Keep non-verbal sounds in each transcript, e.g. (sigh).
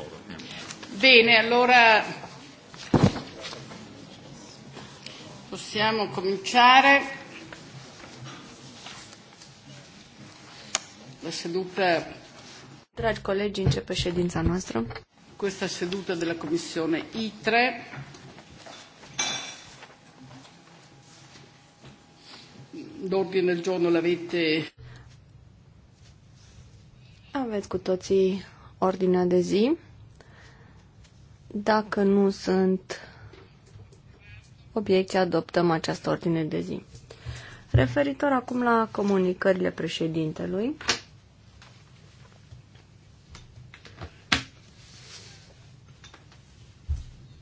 Mm. Bene, allora possiamo cominciare. La seduta. Dragi colleghi, începe ședința noastră. Questa seduta della Commissione ITRE. L'ordine del giorno l'avete. Aveți cu toții ordinea de zi. Dacă nu sunt obiecte adoptăm această ordine de zi. Referitor acum la comunicările președintelui,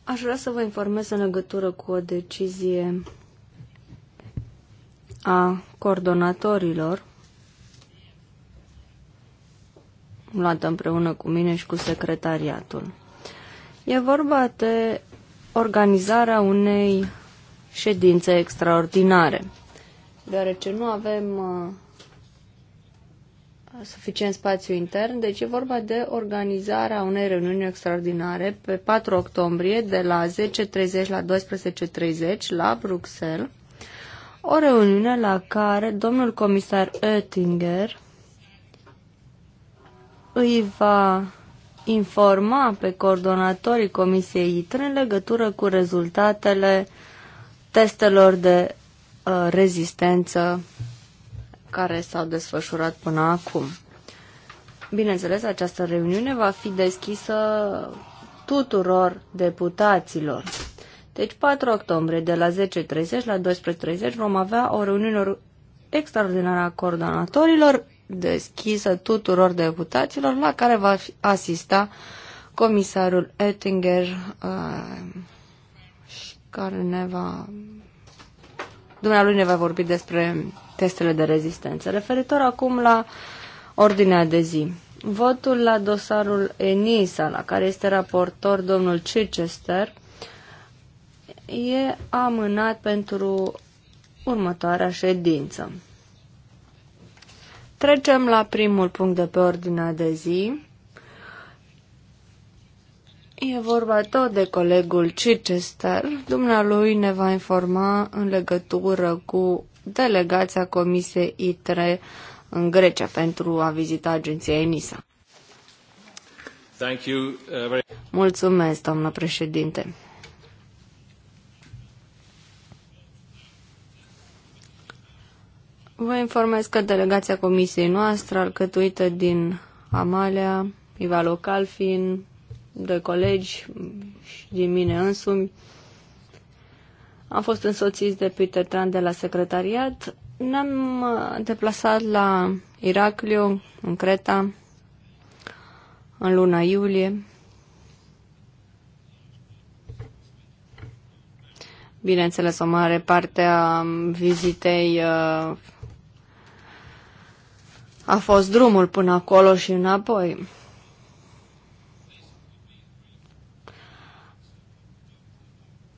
aș vrea să vă informez în legătură cu o decizie a coordonatorilor luată împreună cu mine și cu secretariatul. E vorba de organizarea unei ședințe extraordinare, deoarece nu avem uh, suficient spațiu intern, deci e vorba de organizarea unei reuniuni extraordinare pe 4 octombrie de la 10.30 la 12.30 la Bruxelles, o reuniune la care domnul comisar Oettinger îi va informa pe coordonatorii Comisiei ITRE în legătură cu rezultatele testelor de uh, rezistență care s-au desfășurat până acum. Bineînțeles, această reuniune va fi deschisă tuturor deputaților. Deci 4 octombrie de la 10.30 la 12.30 vom avea o reuniune extraordinară a coordonatorilor deschisă tuturor deputaților, la care va asista comisarul Ettinger uh, și care ne va... Dumnealui ne va vorbi despre testele de rezistență. Referitor acum la ordinea de zi. Votul la dosarul ENISA, la care este raportor domnul Chichester, e amânat pentru următoarea ședință. Trecem la primul punct de pe ordinea de zi. E vorba tot de colegul Chichester. Dumnealui ne va informa în legătură cu delegația Comisiei ITRE în Grecia pentru a vizita agenția ENISA. Uh, Mulțumesc, doamnă președinte. Vă informez că delegația comisiei noastre, alcătuită din Amalia, Ivalo Calfin, doi colegi și din mine însumi, am fost însoțiți de Peter Tran de la secretariat. Ne-am uh, deplasat la Iracliu, în Creta, în luna iulie. Bineînțeles, o mare parte a vizitei uh, a fost drumul până acolo și înapoi.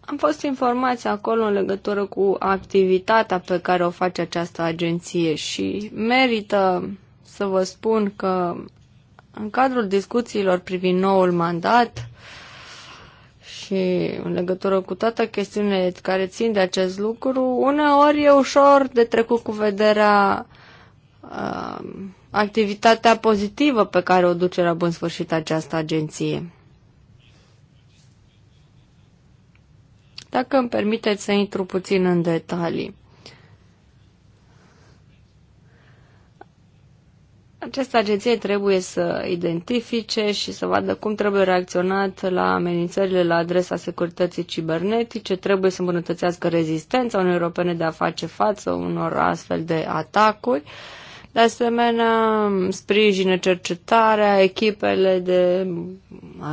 Am fost informați acolo în legătură cu activitatea pe care o face această agenție și merită să vă spun că în cadrul discuțiilor privind noul mandat și în legătură cu toate chestiunile care țin de acest lucru, uneori e ușor de trecut cu vederea uh, uh, activitatea pozitivă pe care o duce la bun sfârșit această agenție. Dacă îmi permiteți să intru puțin în detalii. Această agenție trebuie să identifice și să vadă cum trebuie reacționat la amenințările la adresa securității cibernetice, trebuie să îmbunătățească rezistența unei Europene de a face față unor astfel de atacuri. Uh, de asemenea, sprijină cercetarea, echipele de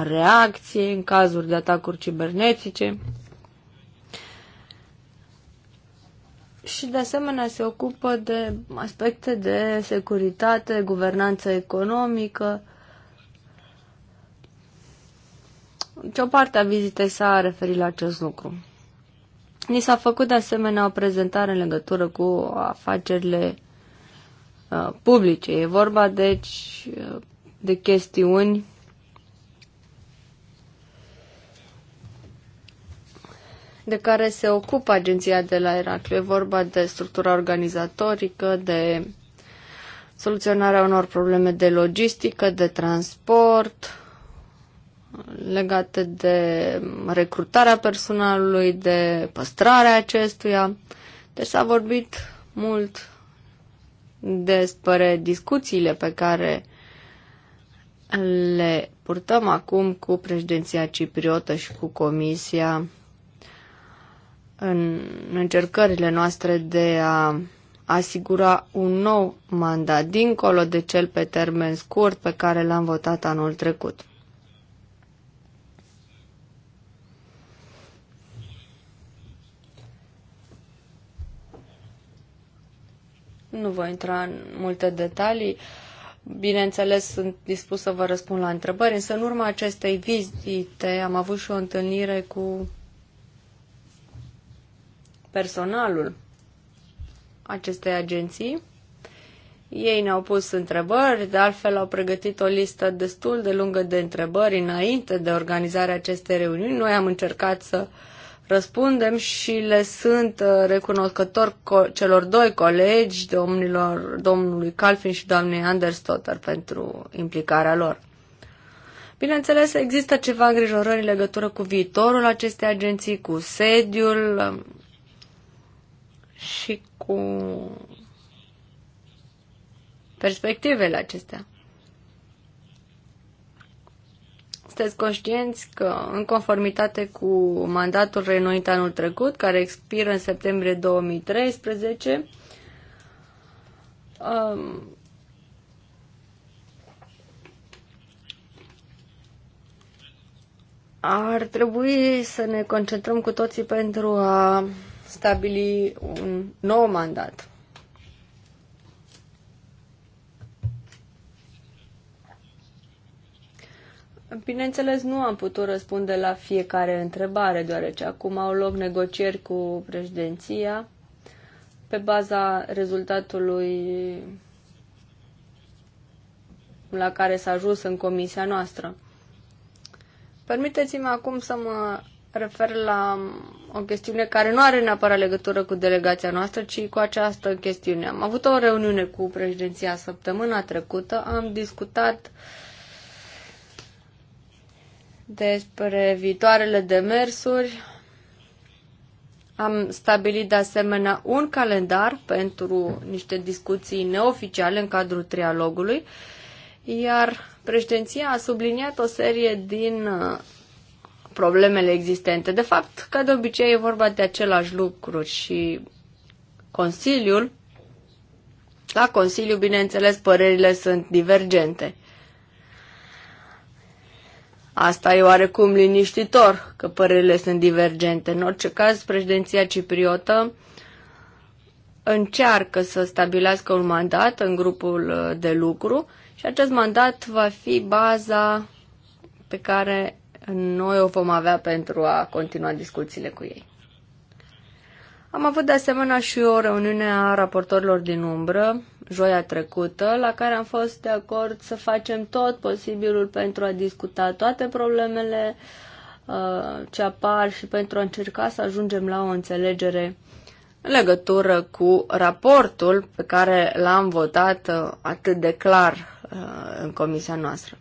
reacție în cazuri de atacuri cibernetice. Și de asemenea se ocupă de aspecte de securitate, guvernanță economică. Ce deci, o parte a vizitei s-a referit la acest lucru. Ni s-a făcut de asemenea o prezentare în legătură cu afacerile Uh, publice. E vorba, deci, uh, de chestiuni de care se ocupă agenția de la Heracliu. E vorba de structura organizatorică, de soluționarea unor probleme de logistică, de transport, legate de recrutarea personalului, de păstrarea acestuia. Deci s-a vorbit mult despre discuțiile pe care le purtăm acum cu președinția cipriotă și cu Comisia în încercările noastre de a asigura un nou mandat dincolo de cel pe termen scurt pe care l-am votat anul trecut. nu voi intra în multe detalii. Bineînțeles, sunt dispus să vă răspund la întrebări, însă în urma acestei vizite am avut și o întâlnire cu personalul acestei agenții. Ei ne-au pus întrebări, de altfel au pregătit o listă destul de lungă de întrebări înainte de organizarea acestei reuniuni. Noi am încercat să uh, răspundem și le sunt uh, recunoscător celor doi colegi, domnilor, domnului Calfin și doamnei Anderstotter, pentru implicarea lor. Bineînțeles, există ceva îngrijorări în legătură cu viitorul acestei agenții, cu sediul um, și cu perspectivele acestea. Sunteți conștienți că, în conformitate cu mandatul renoit anul trecut, care expiră în septembrie 2013, um, ar trebui să ne concentrăm cu toții pentru a stabili un nou mandat. Bineînțeles, nu am putut răspunde la fiecare întrebare, deoarece acum au loc negocieri cu președinția pe baza rezultatului la care s-a ajuns în comisia noastră. Permiteți-mi acum să mă refer la o chestiune care nu are neapărat legătură cu delegația noastră, ci cu această chestiune. Am avut o reuniune cu președinția săptămâna trecută, am discutat uh, despre viitoarele demersuri. Am stabilit de asemenea un calendar pentru niște discuții neoficiale în cadrul trialogului, iar președinția a subliniat o serie din uh, problemele existente. De fapt, ca de obicei, e vorba de același lucru și Consiliul, la Consiliu, bineînțeles, părerile sunt divergente. Asta e oarecum liniștitor că părerile sunt divergente. În orice caz, președinția cipriotă încearcă să stabilească un mandat în grupul uh, de lucru și acest mandat va fi baza pe care noi o vom avea pentru a continua discuțiile cu ei. Am avut de asemenea și o reuniune a raportorilor din umbră joia trecută, la care am fost de acord să facem tot posibilul pentru a discuta toate problemele uh, ce apar și pentru a încerca să ajungem la o înțelegere în legătură cu raportul pe care l-am votat uh, atât de clar uh, în comisia noastră.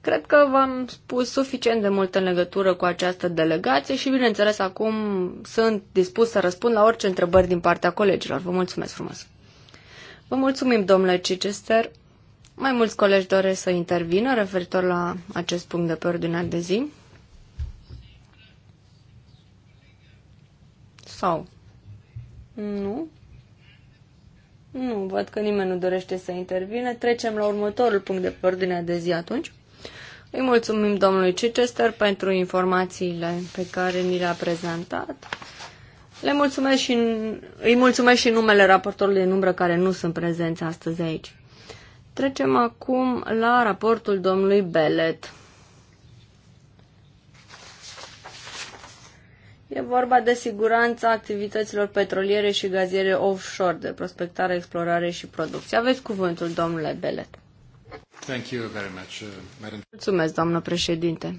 Cred că v-am spus suficient de mult în legătură cu această delegație și, bineînțeles, acum sunt dispus să răspund la orice întrebări din partea colegilor. Vă mulțumesc frumos! Vă mulțumim, domnule Chichester. Mai mulți colegi doresc să intervină referitor la acest punct de pe ordinea de zi. Sau? Nu? Nu, văd că nimeni nu dorește să intervine. Trecem la următorul punct de pe ordinea de zi atunci. Îi mulțumim domnului Chichester pentru informațiile pe care ni le-a prezentat. Le mulțumesc și, îi mulțumesc și numele raportorului în umbră care nu sunt prezenți astăzi aici. Trecem acum la raportul domnului Belet. E vorba de siguranța activităților petroliere și gaziere offshore, de prospectare, explorare și producție. Aveți cuvântul, domnule Belet. Thank you very much, uh, Madam. Mulțumesc, doamnă președinte.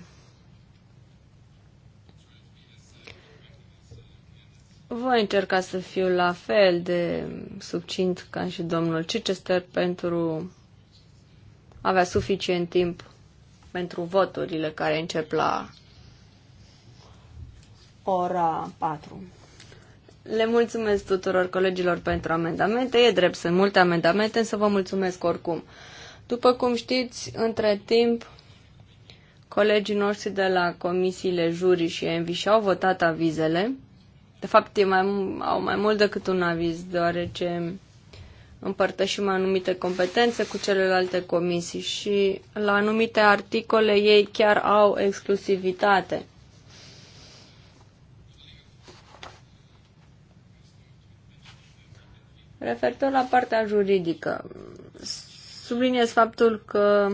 Voi încerca să fiu la fel de succint ca și domnul Chichester pentru a avea suficient timp pentru voturile care încep la ora 4. Le mulțumesc tuturor colegilor pentru amendamente. E drept, sunt multe amendamente, însă vă mulțumesc oricum. După cum știți, între timp, colegii noștri de la comisiile juri și envi și-au votat avizele. De fapt, e mai, au mai mult decât un aviz, deoarece împărtășim anumite competențe cu celelalte comisii și la anumite articole ei chiar au exclusivitate. Referitor la partea juridică, Subliniez faptul că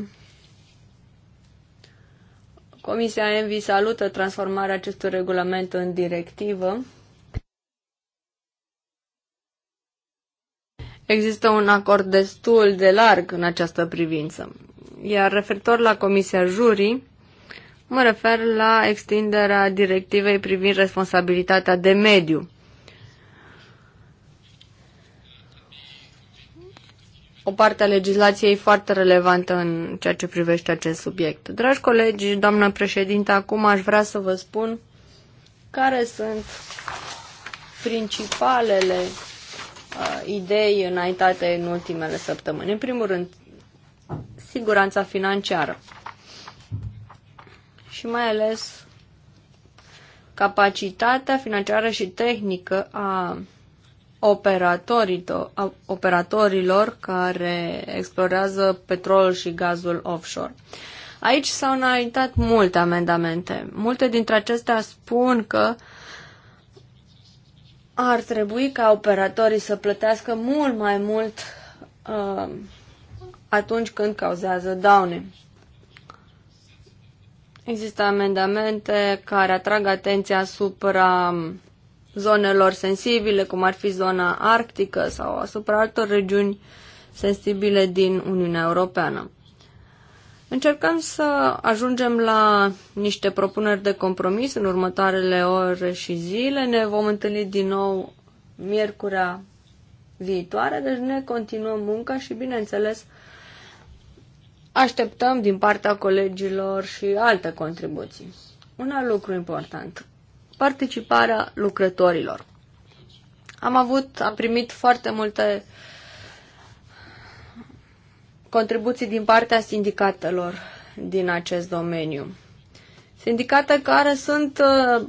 Comisia ENVI salută transformarea acestui regulament în directivă. Există un acord destul de larg în această privință. Iar referitor la Comisia Jurii, mă refer la extinderea directivei privind responsabilitatea de mediu. o parte a legislației foarte relevantă în ceea ce privește acest subiect. Dragi colegi, doamnă președinte, acum aș vrea să vă spun care sunt principalele uh, idei înaintate în ultimele săptămâni. În primul rând, siguranța financiară și mai ales capacitatea financiară și tehnică a operatorilor care explorează petrolul și gazul offshore. Aici s-au înaintat multe amendamente. Multe dintre acestea spun că ar trebui ca operatorii să plătească mult mai mult uh, atunci când cauzează daune. Există amendamente care atrag atenția asupra zonelor sensibile, cum ar fi zona arctică sau asupra altor regiuni sensibile din Uniunea Europeană. Încercăm să ajungem la niște propuneri de compromis în următoarele ore și zile. Ne vom întâlni din nou miercurea viitoare, deci ne continuăm munca și, bineînțeles, așteptăm din partea colegilor și alte contribuții. Un alt lucru important participarea lucrătorilor. Am avut, am primit foarte multe contribuții din partea sindicatelor din acest domeniu. Sindicate care sunt uh,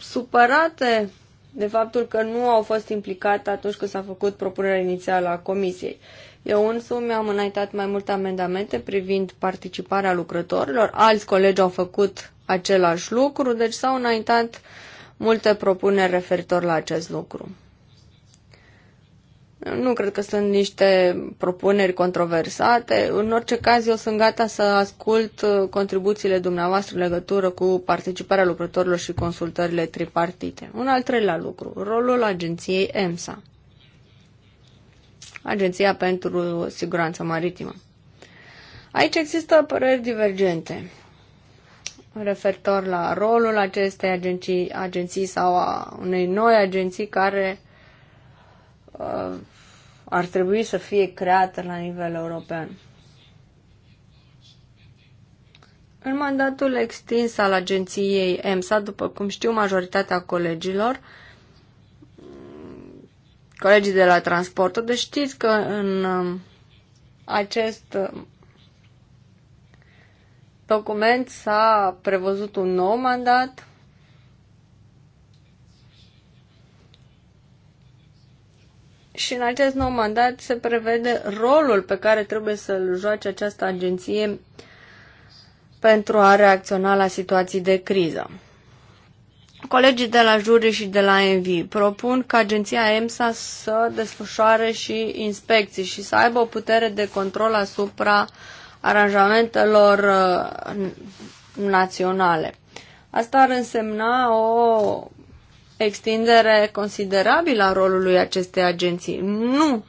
supărate de faptul că nu au fost implicate atunci când s-a făcut propunerea inițială a comisiei. Eu însumi am înaintat mai multe amendamente privind participarea lucrătorilor, alți colegi au făcut același lucru, deci s-au înaintat multe propuneri referitor la acest lucru. Nu cred că sunt niște propuneri controversate. În orice caz, eu sunt gata să ascult contribuțiile dumneavoastră în legătură cu participarea lucrătorilor și consultările tripartite. Un al treilea lucru, rolul agenției EMSA, Agenția pentru Siguranță Maritimă. Aici există păreri divergente referitor la rolul acestei agenții, agenții sau a unei noi agenții care uh, ar trebui să fie creată la nivel european. În mandatul extins al agenției EMSA, după cum știu majoritatea colegilor, colegii de la transport, deci știți că în uh, acest document s-a prevăzut un nou mandat și în acest nou mandat se prevede rolul pe care trebuie să-l joace această agenție pentru a reacționa la situații de criză. Colegii de la juri și de la MV propun ca agenția EMSA să desfășoare și inspecții și să aibă o putere de control asupra aranjamentelor uh, naționale. Asta ar însemna o extindere considerabilă a rolului acestei agenții. Nu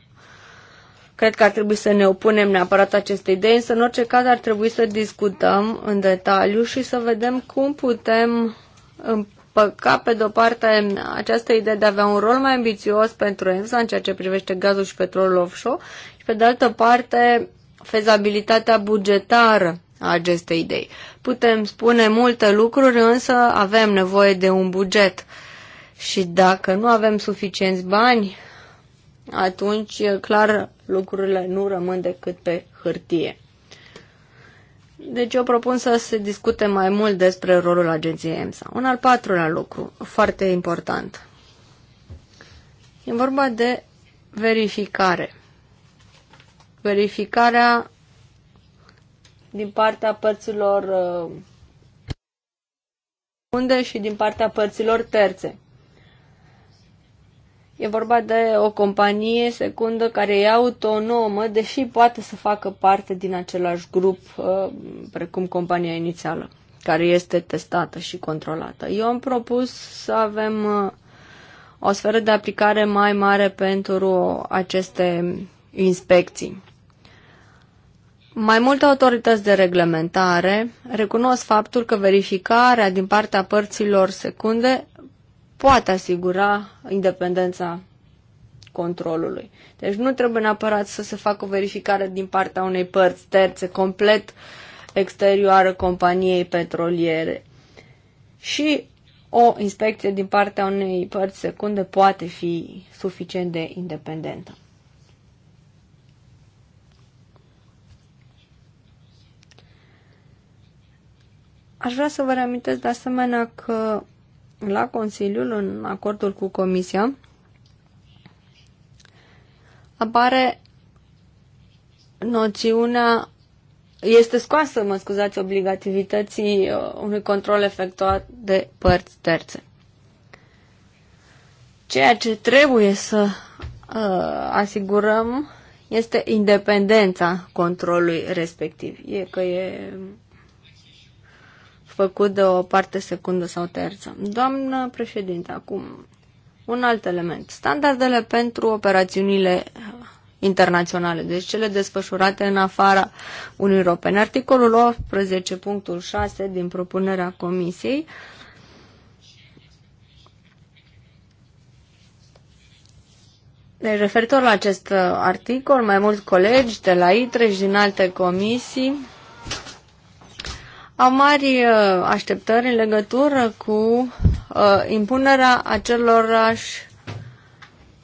cred că ar trebui să ne opunem neapărat acestei idei, însă în orice caz ar trebui să discutăm în detaliu și să vedem cum putem împăca pe de-o parte această idee de a avea un rol mai ambițios pentru EMSA în ceea ce privește gazul și petrolul offshore și pe de altă parte fezabilitatea bugetară a acestei idei. Putem spune multe lucruri, însă avem nevoie de un buget. Și dacă nu avem suficienți bani, atunci, clar, lucrurile nu rămân decât pe hârtie. Deci eu propun să se discute mai mult despre rolul agenției EMSA. Un al patrulea lucru, foarte important. E vorba de verificare verificarea din partea părților uh, unde și din partea părților terțe. E vorba de o companie secundă care e autonomă, deși poate să facă parte din același grup, uh, precum compania inițială, care este testată și controlată. Eu am propus să avem uh, o sferă de aplicare mai mare pentru aceste inspecții. Mai multe autorități de reglementare recunosc faptul că verificarea din partea părților secunde poate asigura independența controlului. Deci nu trebuie neapărat să se facă o verificare din partea unei părți terțe complet exterioară companiei petroliere. Și o inspecție din partea unei părți secunde poate fi suficient de independentă. Aș vrea să vă reamintesc de asemenea că la Consiliul, în acordul cu Comisia, apare noțiunea este scoasă, mă scuzați, obligativității uh, unui control efectuat de părți terțe. Ceea ce trebuie să uh, asigurăm este independența controlului respectiv. E că e făcut de o parte secundă sau terță. Doamnă președinte, acum un alt element. Standardele pentru operațiunile internaționale, deci cele desfășurate în afara Uniunii Europene. Articolul 18.6 din propunerea Comisiei Deci, referitor la acest articol, mai mulți colegi de la ITRE și din alte comisii am mari uh, așteptări în legătură cu uh, impunerea acelorași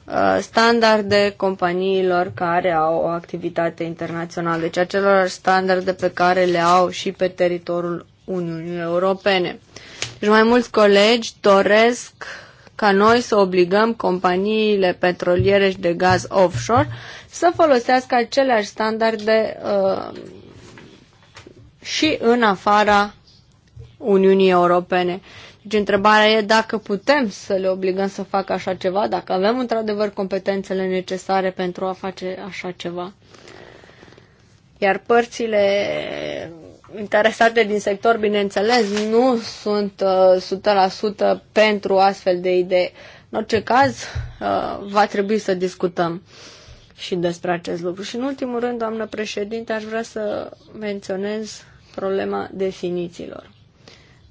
uh, standarde companiilor care au o activitate internațională, deci acelorași standarde pe care le au și pe teritoriul Uniunii Europene. Deci mai mulți colegi doresc ca noi să obligăm companiile petroliere și de gaz offshore să folosească aceleași standarde uh, și în afara Uniunii Europene. Deci întrebarea e dacă putem să le obligăm să facă așa ceva, dacă avem într-adevăr competențele necesare pentru a face așa ceva. Iar părțile interesate din sector, bineînțeles, nu sunt 100% uh, pentru astfel de idei. În orice caz, uh, va trebui să discutăm și despre acest lucru. Și în ultimul rând, doamnă președinte, aș vrea să menționez problema definițiilor.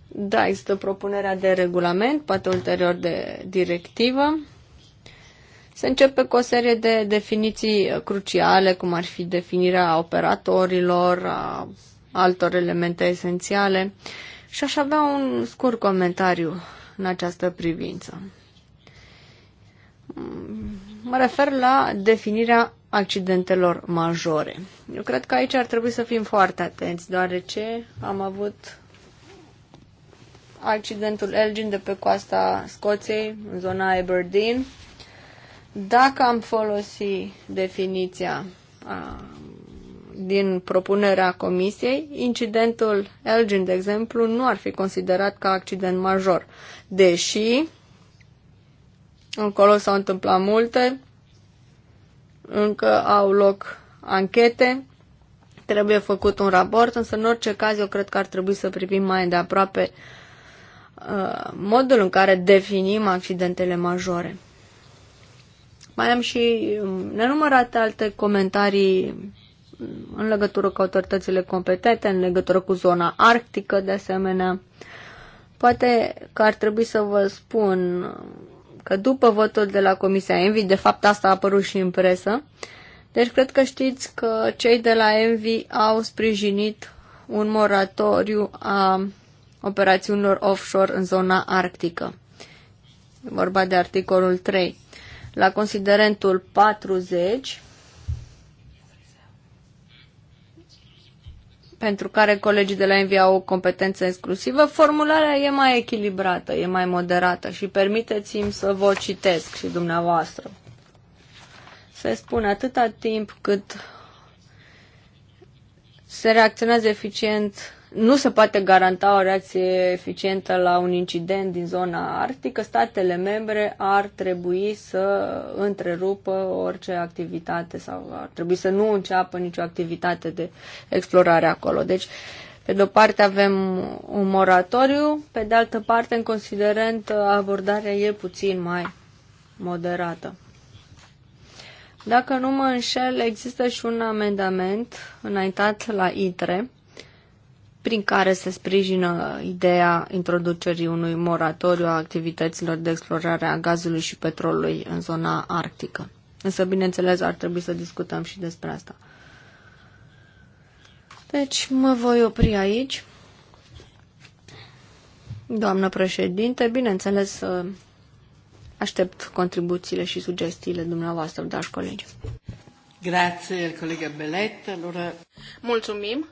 Da, există propunerea de regulament, poate ulterior de directivă. Se începe cu o serie de definiții cruciale, cum ar fi definirea operatorilor, a altor elemente esențiale. Și aș avea un scurt comentariu în această privință. Mă refer la definirea accidentelor majore. Eu cred că aici ar trebui să fim foarte atenți, deoarece am avut accidentul Elgin de pe coasta Scoției, în zona Aberdeen. Dacă am folosi definiția a, din propunerea comisiei, incidentul Elgin, de exemplu, nu ar fi considerat ca accident major, deși Încolo s-au întâmplat multe, încă au loc anchete, trebuie făcut un raport, însă în orice caz eu cred că ar trebui să privim mai de uh, modul în care definim accidentele majore. Mai am și um, nenumărate alte comentarii în legătură cu autoritățile competente, în legătură cu zona arctică, de asemenea. Poate că ar trebui să vă spun că după votul de la Comisia Envi, de fapt asta a apărut și în presă, deci cred că știți că cei de la Envi au sprijinit un moratoriu a operațiunilor offshore în zona arctică. E vorba de articolul 3. La considerentul 40 pentru care colegii de la Envi au o competență exclusivă, formularea e mai echilibrată, e mai moderată și permiteți-mi să vă citesc și dumneavoastră. Se spune atâta timp cât se reacționează eficient nu se poate garanta o reacție eficientă la un incident din zona arctică, statele membre ar trebui să întrerupă orice activitate sau ar trebui să nu înceapă nicio activitate de explorare acolo. Deci, pe de-o parte avem un moratoriu, pe de altă parte, în considerent, abordarea e puțin mai moderată. Dacă nu mă înșel, există și un amendament înaintat la ITRE, prin care se sprijină ideea introducerii unui moratoriu a activităților de explorare a gazului și petrolului în zona arctică. Însă, bineînțeles, ar trebui să discutăm și despre asta. Deci, mă voi opri aici. Doamnă președinte, bineînțeles, aștept contribuțiile și sugestiile dumneavoastră, dragi colegi. Grazie, colega Belet. Allora... Mulțumim.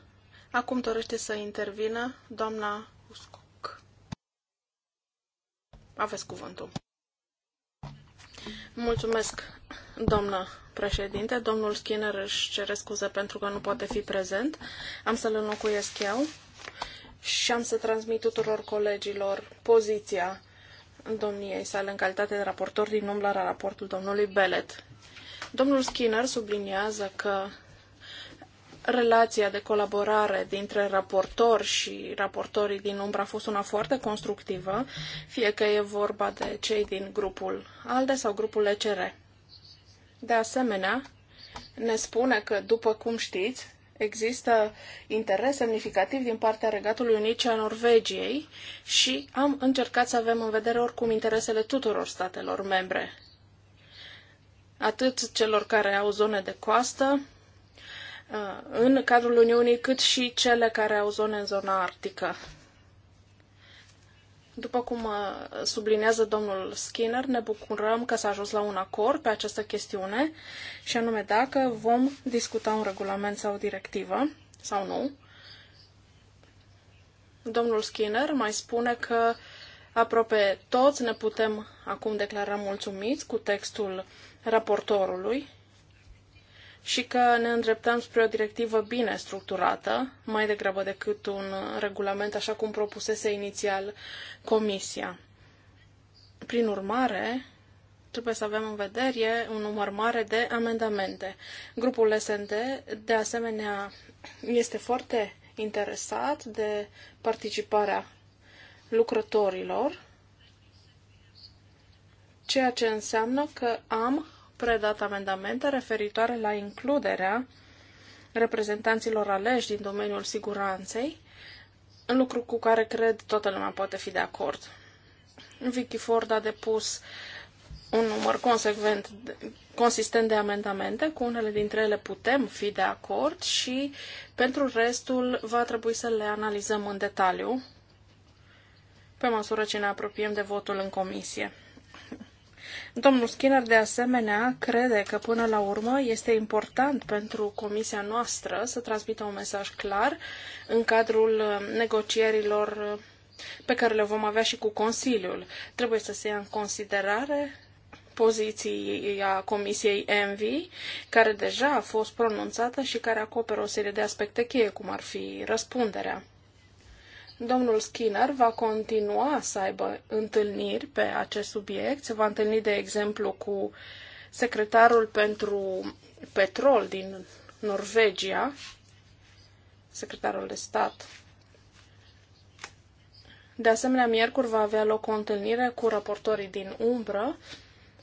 Acum dorește să intervină doamna Uscoc. Aveți cuvântul. Mulțumesc, doamnă președinte. Domnul Skinner își cere scuze pentru că nu poate fi prezent. Am să-l înlocuiesc eu și am să transmit tuturor colegilor poziția domniei sale în calitate de raportor din umblă raportul domnului Belet. Domnul Skinner subliniază că Relația de colaborare dintre raportor și raportorii din umbră a fost una foarte constructivă, fie că e vorba de cei din grupul ALDE sau grupul ECR. De asemenea, ne spune că, după cum știți, există interes semnificativ din partea Regatului Unit și a Norvegiei și am încercat să avem în vedere oricum interesele tuturor statelor membre, atât celor care au zone de coastă, Uh, în cadrul Uniunii, cât și cele care au zone în zona arctică. După cum uh, sublinează domnul Skinner, ne bucurăm că s-a ajuns la un acord pe această chestiune și anume dacă vom discuta un regulament sau o directivă sau nu. Domnul Skinner mai spune că aproape toți ne putem acum declara mulțumiți cu textul raportorului și că ne îndreptăm spre o directivă bine structurată, mai degrabă decât un regulament așa cum propusese inițial Comisia. Prin urmare, trebuie să avem în vedere un număr mare de amendamente. Grupul SND, de asemenea, este foarte interesat de participarea lucrătorilor, ceea ce înseamnă că am predat amendamente referitoare la includerea reprezentanților aleși din domeniul siguranței, în lucru cu care cred toată lumea poate fi de acord. Vicky Ford a depus un număr consecvent, consistent de amendamente, cu unele dintre ele putem fi de acord și pentru restul va trebui să le analizăm în detaliu pe măsură ce ne apropiem de votul în comisie. Domnul Skinner, de asemenea, crede că până la urmă este important pentru comisia noastră să transmită un mesaj clar în cadrul uh, negocierilor uh, pe care le vom avea și cu Consiliul. Trebuie să se ia în considerare poziția Comisiei ENVI, care deja a fost pronunțată și care acoperă o serie de aspecte cheie, cum ar fi răspunderea. Domnul Skinner va continua să aibă întâlniri pe acest subiect. Se va întâlni, de exemplu, cu secretarul pentru petrol din Norvegia, secretarul de stat. De asemenea, miercuri va avea loc o întâlnire cu raportorii din umbră,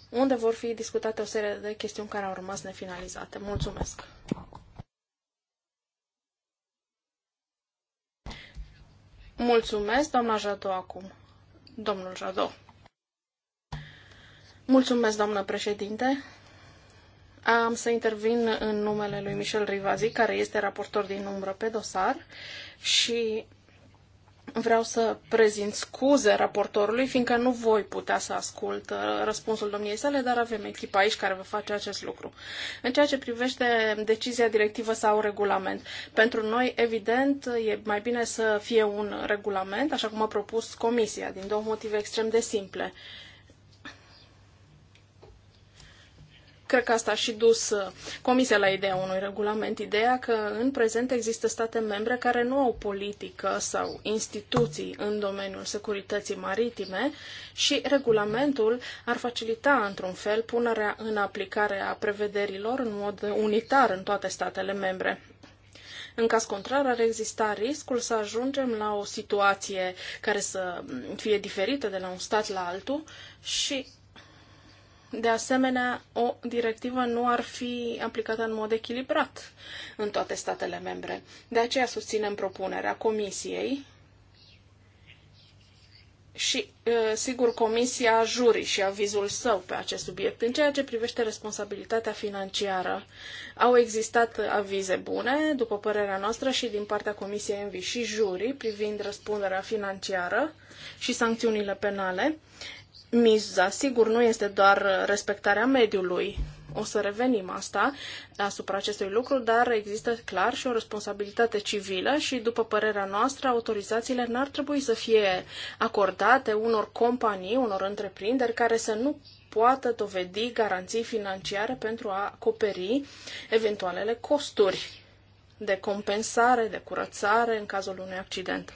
unde vor fi discutate o serie de chestiuni care au rămas nefinalizate. Mulțumesc! Mulțumesc, doamna Jado, acum. Domnul Jado. Mulțumesc, doamnă președinte. Am să intervin în numele lui Michel Rivazi, care este raportor din umbră pe dosar și Vreau să prezint scuze raportorului, fiindcă nu voi putea să ascult uh, răspunsul domniei sale, dar avem echipa aici care vă face acest lucru. În ceea ce privește decizia directivă sau regulament, pentru noi, evident, e mai bine să fie un regulament, așa cum a propus Comisia, din două motive extrem de simple. Cred că asta a și dus uh, Comisia la ideea unui regulament, ideea că în prezent există state membre care nu au politică sau instituții în domeniul securității maritime și regulamentul ar facilita într-un fel punerea în aplicare a prevederilor în mod unitar în toate statele membre. În caz contrar, ar exista riscul să ajungem la o situație care să fie diferită de la un stat la altul și de asemenea, o directivă nu ar fi aplicată în mod echilibrat în toate statele membre. De aceea susținem propunerea Comisiei și, sigur, Comisia jurii și avizul său pe acest subiect. În ceea ce privește responsabilitatea financiară, au existat avize bune, după părerea noastră, și din partea Comisiei Envi și jurii privind răspunderea financiară și sancțiunile penale miza, sigur, nu este doar respectarea mediului. O să revenim asta asupra acestui lucru, dar există clar și o responsabilitate civilă și, după părerea noastră, autorizațiile n-ar trebui să fie acordate unor companii, unor întreprinderi care să nu poată dovedi garanții financiare pentru a acoperi eventualele costuri de compensare, de curățare în cazul unui accident.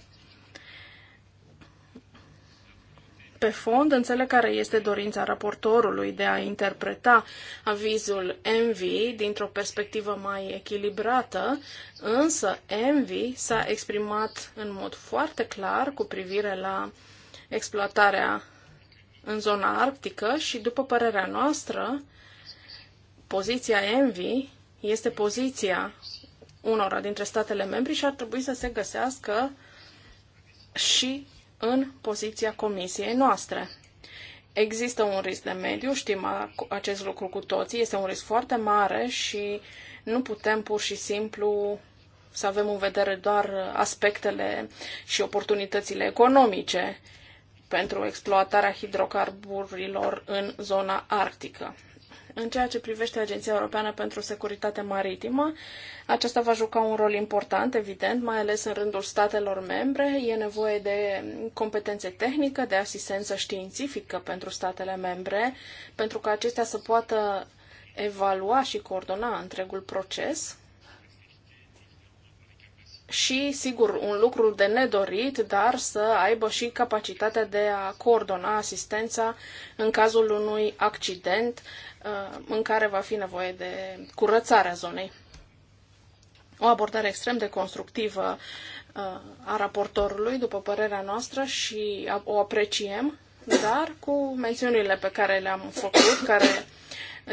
pe fond, înțeleg care este dorința raportorului de a interpreta avizul Envy dintr-o perspectivă mai echilibrată, însă Envy s-a exprimat în mod foarte clar cu privire la exploatarea în zona arctică și, după părerea noastră, poziția Envy este poziția unora dintre statele membri și ar trebui să se găsească și în poziția comisiei noastre. Există un risc de mediu, știm acest lucru cu toții, este un risc foarte mare și nu putem pur și simplu să avem în vedere doar aspectele și oportunitățile economice pentru exploatarea hidrocarburilor în zona arctică. În ceea ce privește Agenția Europeană pentru Securitate Maritimă, aceasta va juca un rol important, evident, mai ales în rândul statelor membre. E nevoie de competențe tehnică, de asistență științifică pentru statele membre, pentru ca acestea să poată evalua și coordona întregul proces. Și, sigur, un lucru de nedorit, dar să aibă și capacitatea de a coordona asistența în cazul unui accident Uh, în care va fi nevoie de curățarea zonei. O abordare extrem de constructivă uh, a raportorului, după părerea noastră, și o apreciem, dar cu mențiunile pe care le-am făcut, care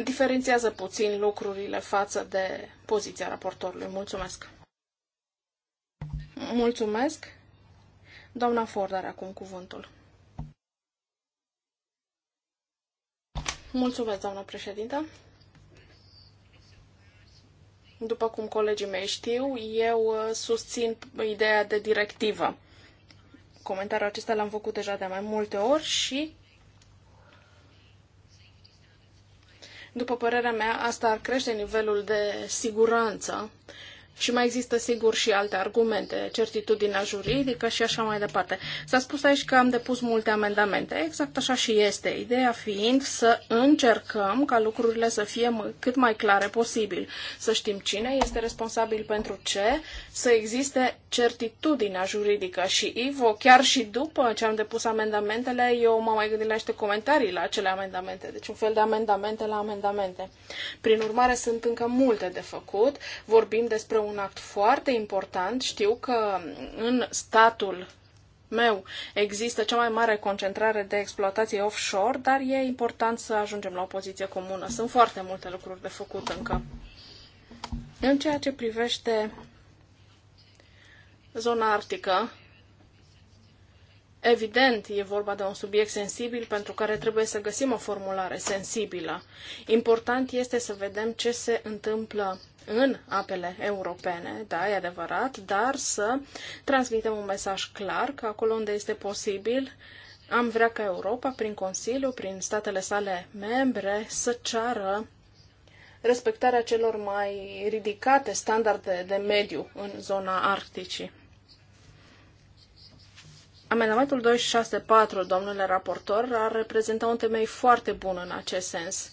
diferențiază puțin lucrurile față de poziția raportorului. Mulțumesc! Mulțumesc! Doamna Ford are acum cuvântul. Mulțumesc, doamnă președintă. După cum colegii mei știu, eu uh, susțin ideea de directivă. Comentariul acesta l-am făcut deja de mai multe ori și După părerea mea, asta ar crește nivelul de siguranță și mai există, sigur, și alte argumente, certitudinea juridică și așa mai departe. S-a spus aici că am depus multe amendamente. Exact așa și este. Ideea fiind să încercăm ca lucrurile să fie cât mai clare posibil. Să știm cine este responsabil pentru ce, să existe certitudinea juridică. Și Ivo, chiar și după ce am depus amendamentele, eu m-am mai gândit la niște comentarii la acele amendamente. Deci un fel de amendamente la amendamente. Prin urmare, sunt încă multe de făcut. Vorbim despre un un act foarte important. Știu că în statul meu există cea mai mare concentrare de exploatație offshore, dar e important să ajungem la o poziție comună. Sunt foarte multe lucruri de făcut încă. În ceea ce privește zona arctică, Evident, e vorba de un subiect sensibil pentru care trebuie să găsim o formulare sensibilă. Important este să vedem ce se întâmplă în apele europene, da, e adevărat, dar să transmitem un mesaj clar că acolo unde este posibil, am vrea ca Europa, prin Consiliu, prin statele sale membre, să ceară respectarea celor mai ridicate standarde de mediu în zona Arcticii. Amendamentul 264, domnule raportor, ar reprezenta un temei foarte bun în acest sens.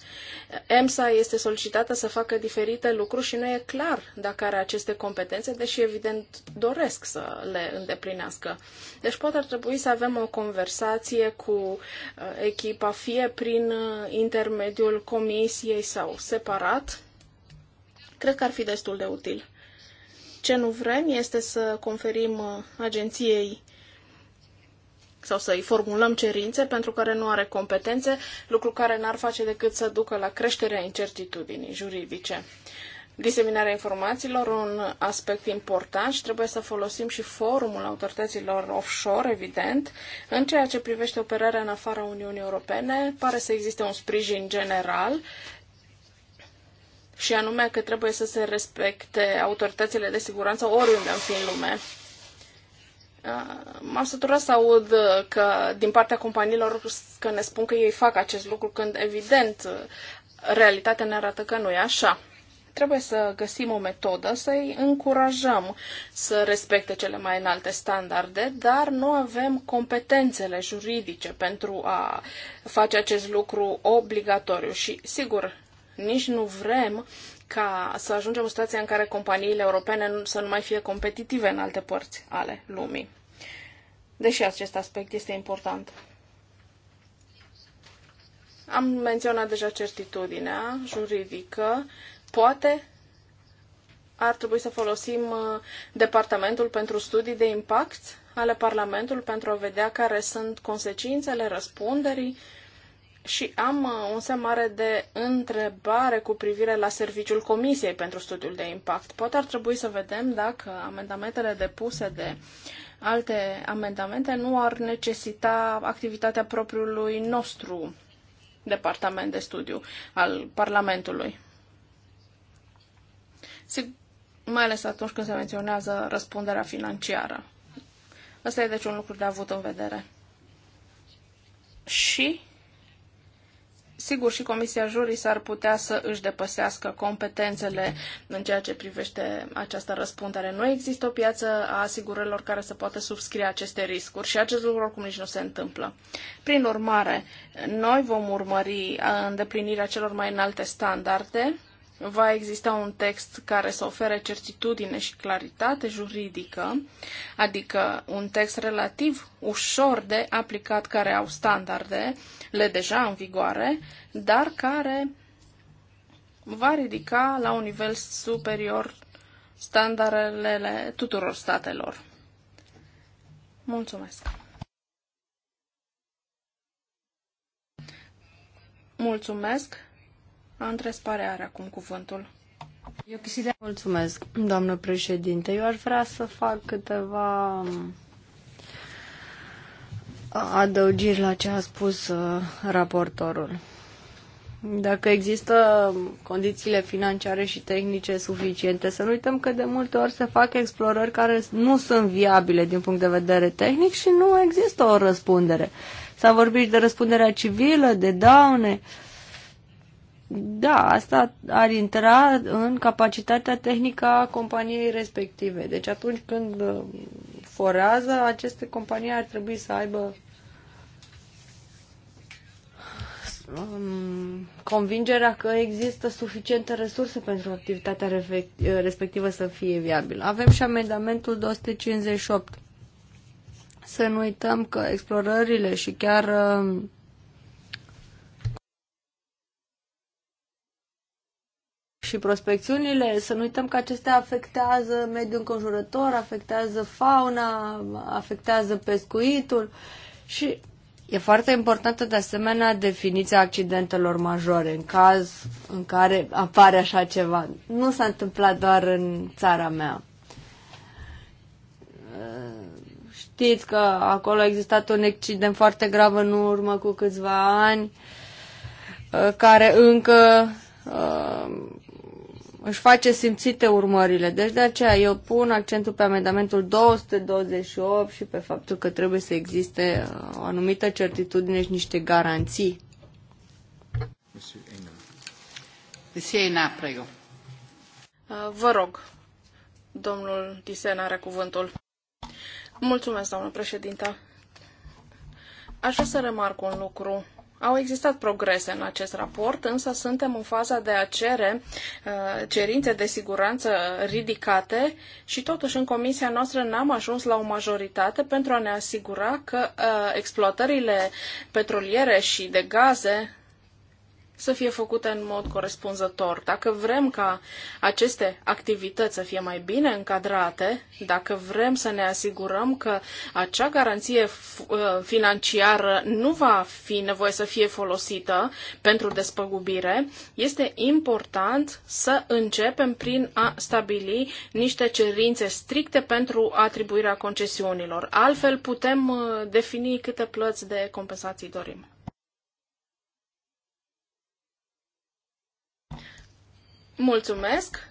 EMSA este solicitată să facă diferite lucruri și nu e clar dacă are aceste competențe, deși evident doresc să le îndeplinească. Deci poate ar trebui să avem o conversație cu uh, echipa, fie prin uh, intermediul comisiei sau separat. Cred că ar fi destul de util. Ce nu vrem este să conferim uh, agenției sau să-i formulăm cerințe pentru care nu are competențe, lucru care n-ar face decât să ducă la creșterea incertitudinii juridice. Diseminarea informațiilor, un aspect important și trebuie să folosim și forumul autorităților offshore, evident. În ceea ce privește operarea în afara Uniunii Europene, pare să existe un sprijin general și anume că trebuie să se respecte autoritățile de siguranță oriunde în fi în lume. Uh, m-am săturat să aud uh, că din partea companiilor că ne spun că ei fac acest lucru, când evident uh, realitatea ne arată că nu e așa. Trebuie să găsim o metodă să-i încurajăm să respecte cele mai înalte standarde, dar nu avem competențele juridice pentru a face acest lucru obligatoriu și, sigur, nici nu vrem ca să ajungem în situația în care companiile europene să nu mai fie competitive în alte părți ale lumii deși acest aspect este important. Am menționat deja certitudinea juridică. Poate ar trebui să folosim uh, Departamentul pentru Studii de Impact ale Parlamentului pentru a vedea care sunt consecințele răspunderii și am uh, un semn mare de întrebare cu privire la serviciul Comisiei pentru Studiul de Impact. Poate ar trebui să vedem dacă amendamentele depuse de uh, alte amendamente nu ar necesita activitatea propriului nostru departament de studiu al Parlamentului. Mai ales atunci când se menționează răspunderea financiară. Asta e deci un lucru de avut în vedere. Și Sigur, și Comisia Jurii s-ar putea să își depăsească competențele în ceea ce privește această răspundere. Nu există o piață a asigurărilor care să poată subscrie aceste riscuri și acest lucru oricum nici nu se întâmplă. Prin urmare, noi vom urmări uh, îndeplinirea celor mai înalte standarde va exista un text care să ofere certitudine și claritate juridică, adică un text relativ ușor de aplicat, care au standardele deja în vigoare, dar care va ridica la un nivel superior standardele tuturor statelor. Mulțumesc! Mulțumesc! Andres Pare are acum cuvântul. Eu chisirea... Mulțumesc, doamnă președinte. Eu ar vrea să fac câteva um, adăugiri la ce a spus uh, raportorul. Dacă există condițiile financiare și tehnice suficiente, să nu uităm că de multe ori se fac explorări care nu sunt viabile din punct de vedere tehnic și nu există o răspundere. S-a vorbit de răspunderea civilă, de daune, uh, da, asta ar intra în capacitatea tehnică a companiei respective. Deci atunci când uh, forează, aceste companii ar trebui să aibă um, convingerea că există suficiente resurse pentru activitatea respectivă să fie viabilă. Avem și amendamentul 258. Să nu uităm că explorările și chiar uh, și prospecțiunile, să nu uităm că acestea afectează mediul înconjurător, afectează fauna, afectează pescuitul și e foarte importantă de asemenea definiția accidentelor majore în caz în care apare așa ceva. Nu s-a întâmplat doar în țara mea. Știți că acolo a existat un accident foarte grav în urmă cu câțiva ani care încă uh, își face simțite urmările. Deci de aceea eu pun accentul pe amendamentul 228 și pe faptul că trebuie să existe uh, o anumită certitudine și niște garanții. Disena, prego. Uh, vă rog, domnul Disena are cuvântul. Mulțumesc, doamnă președintă. Aș vrea să remarc un lucru au existat progrese în acest raport, însă suntem în faza de a cere uh, cerințe de siguranță ridicate și totuși în comisia noastră n-am ajuns la o majoritate pentru a ne asigura că uh, exploatările petroliere și de gaze să fie făcute în mod corespunzător. Dacă vrem ca aceste activități să fie mai bine încadrate, dacă vrem să ne asigurăm că acea garanție uh, financiară nu va fi nevoie să fie folosită pentru despăgubire, este important să începem prin a stabili niște cerințe stricte pentru atribuirea concesiunilor. Altfel putem uh, defini câte plăți de compensații dorim. Mulțumesc.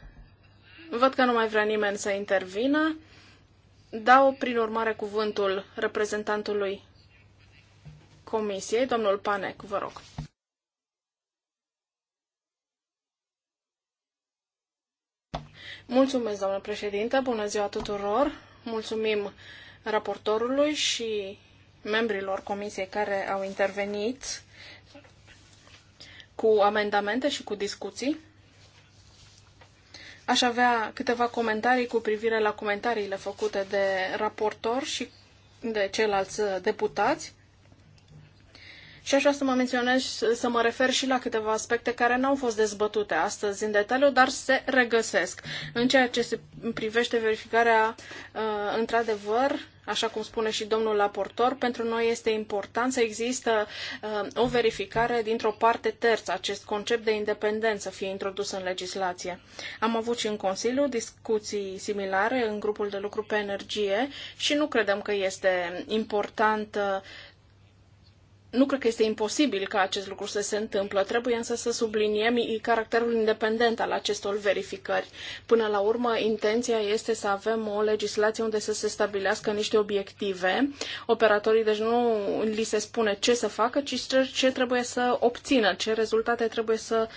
Văd că nu mai vrea nimeni să intervină. Dau prin urmare cuvântul reprezentantului Comisiei, domnul Panec, vă rog. Mulțumesc, domnule președinte, bună ziua tuturor. Mulțumim raportorului și membrilor comisiei care au intervenit cu amendamente și cu discuții. Aș avea câteva comentarii cu privire la comentariile făcute de raportor și de ceilalți deputați. Și aș vrea să mă menționez, să mă refer și la câteva aspecte care nu au fost dezbătute astăzi în detaliu, dar se regăsesc. În ceea ce se privește verificarea, uh, într-adevăr, așa cum spune și domnul raportor, pentru noi este important să există uh, o verificare dintr-o parte terță, acest concept de independență fie introdus în legislație. Am avut și în Consiliu discuții similare în grupul de lucru pe energie și nu credem că este important uh, nu cred că este imposibil ca acest lucru să se întâmple, trebuie însă să subliniem caracterul independent al acestor verificări. Până la urmă, intenția este să avem o legislație unde să se stabilească niște obiective. Operatorii, deci nu li se spune ce să facă, ci ce trebuie să obțină, ce rezultate trebuie să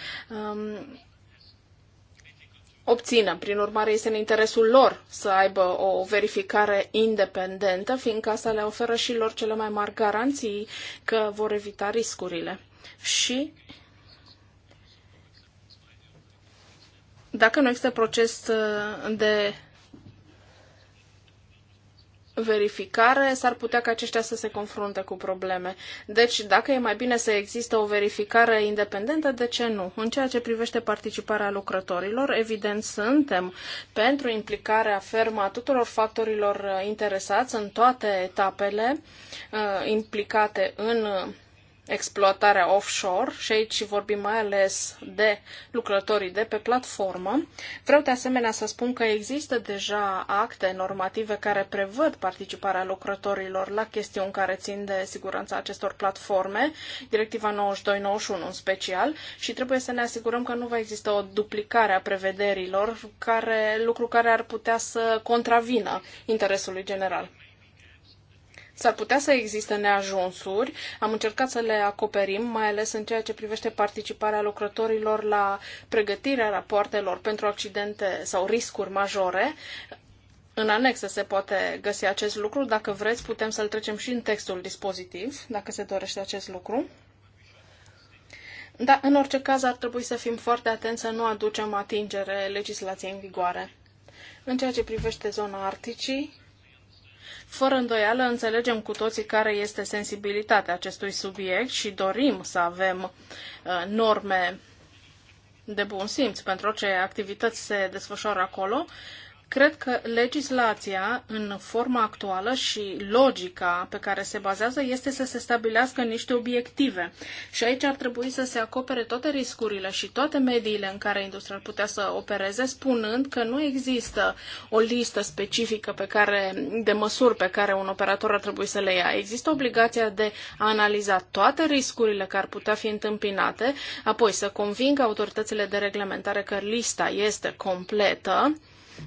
um, obțină. Prin urmare, este în interesul lor să aibă o verificare independentă, fiindcă asta le oferă și lor cele mai mari garanții că vor evita riscurile. Și dacă nu există proces uh, de verificare, s-ar putea ca aceștia să se confrunte cu probleme. Deci, dacă e mai bine să existe o verificare independentă, de ce nu? În ceea ce privește participarea lucrătorilor, evident suntem pentru implicarea fermă a tuturor factorilor uh, interesați în toate etapele uh, implicate în uh, exploatarea offshore și aici vorbim mai ales de lucrătorii de pe platformă. Vreau de asemenea să spun că există deja acte normative care prevăd participarea lucrătorilor la chestiuni care țin de siguranța acestor platforme, Directiva 9291 în special, și trebuie să ne asigurăm că nu va exista o duplicare a prevederilor, care, lucru care ar putea să contravină interesului general. S-ar putea să existe neajunsuri. Am încercat să le acoperim, mai ales în ceea ce privește participarea lucrătorilor la pregătirea rapoartelor pentru accidente sau riscuri majore. În anexă se poate găsi acest lucru. Dacă vreți, putem să-l trecem și în textul dispozitiv, dacă se dorește acest lucru. Dar, în orice caz, ar trebui să fim foarte atenți să nu aducem atingere legislației în vigoare. În ceea ce privește zona Articii, fără îndoială, înțelegem cu toții care este sensibilitatea acestui subiect și dorim să avem uh, norme de bun simț pentru orice activități se desfășoară acolo, Cred că legislația, în forma actuală și logica pe care se bazează, este să se stabilească niște obiective. Și aici ar trebui să se acopere toate riscurile și toate mediile în care industria ar putea să opereze, spunând că nu există o listă specifică pe care, de măsuri pe care un operator ar trebui să le ia. Există obligația de a analiza toate riscurile care ar putea fi întâmpinate, apoi să convingă autoritățile de reglementare că lista este completă,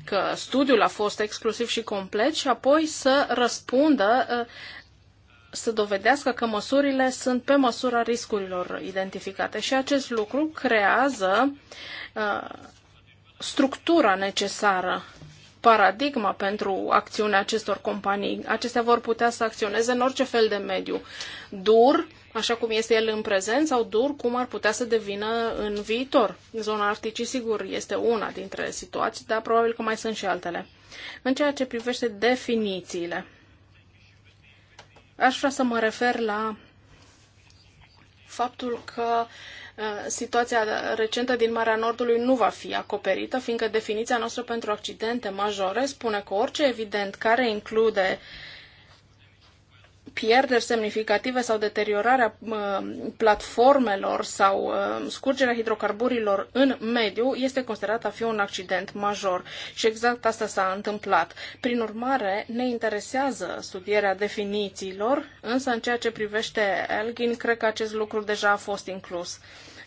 că studiul a fost exclusiv și complet și apoi să răspundă, uh, să dovedească că măsurile sunt pe măsura riscurilor identificate. Și acest lucru creează uh, structura necesară paradigma pentru acțiunea acestor companii. Acestea vor putea să acționeze în orice fel de mediu, dur, așa cum este el în prezent, sau dur cum ar putea să devină în viitor. Zona Arcticii, sigur, este una dintre situații, dar probabil că mai sunt și altele. În ceea ce privește definițiile, aș vrea să mă refer la faptul că uh, situația recentă din Marea Nordului nu va fi acoperită, fiindcă definiția noastră pentru accidente majore spune că orice evident care include uh, pierderi semnificative sau deteriorarea platformelor sau ă, scurgerea hidrocarburilor în mediu este considerat a fi un accident major. Și exact asta s-a întâmplat. Prin urmare, ne interesează studierea definițiilor, însă în ceea ce privește Elgin, cred că acest lucru deja a fost inclus.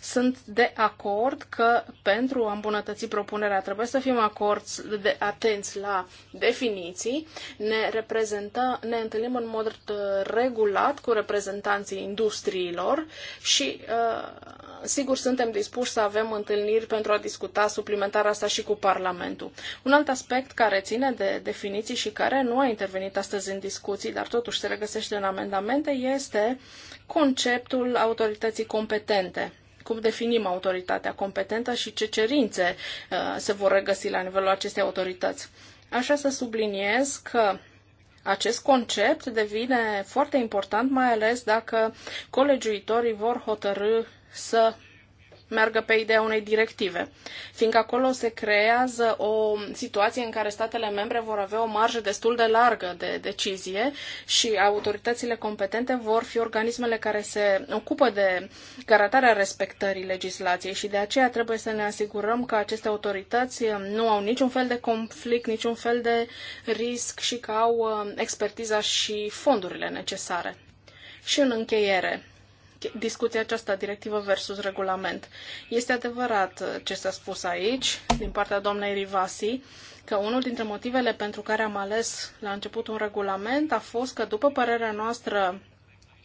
Sunt de acord că pentru a îmbunătăți propunerea trebuie să fim acorți de, atenți la definiții. Ne, reprezentă, ne întâlnim în mod regulat cu reprezentanții industriilor și uh, sigur suntem dispuși să avem întâlniri pentru a discuta suplimentar asta și cu Parlamentul. Un alt aspect care ține de definiții și care nu a intervenit astăzi în discuții, dar totuși se regăsește în amendamente, este conceptul autorității competente cum definim autoritatea competentă și ce cerințe uh, se vor regăsi la nivelul acestei autorități. Așa să subliniez că acest concept devine foarte important, mai ales dacă colegiuitorii vor hotărâ să meargă pe ideea unei directive, fiindcă acolo se creează o situație în care statele membre vor avea o marjă destul de largă de decizie și autoritățile competente vor fi organismele care se ocupă de garantarea respectării legislației și de aceea trebuie să ne asigurăm că aceste autorități um, nu au niciun fel de conflict, niciun fel de risc și că au um, expertiza și fondurile necesare. Și în încheiere, discuția aceasta, directivă versus regulament. Este adevărat ce s-a spus aici, din partea doamnei Rivasi, că unul dintre motivele pentru care am ales la început un regulament a fost că, după părerea noastră,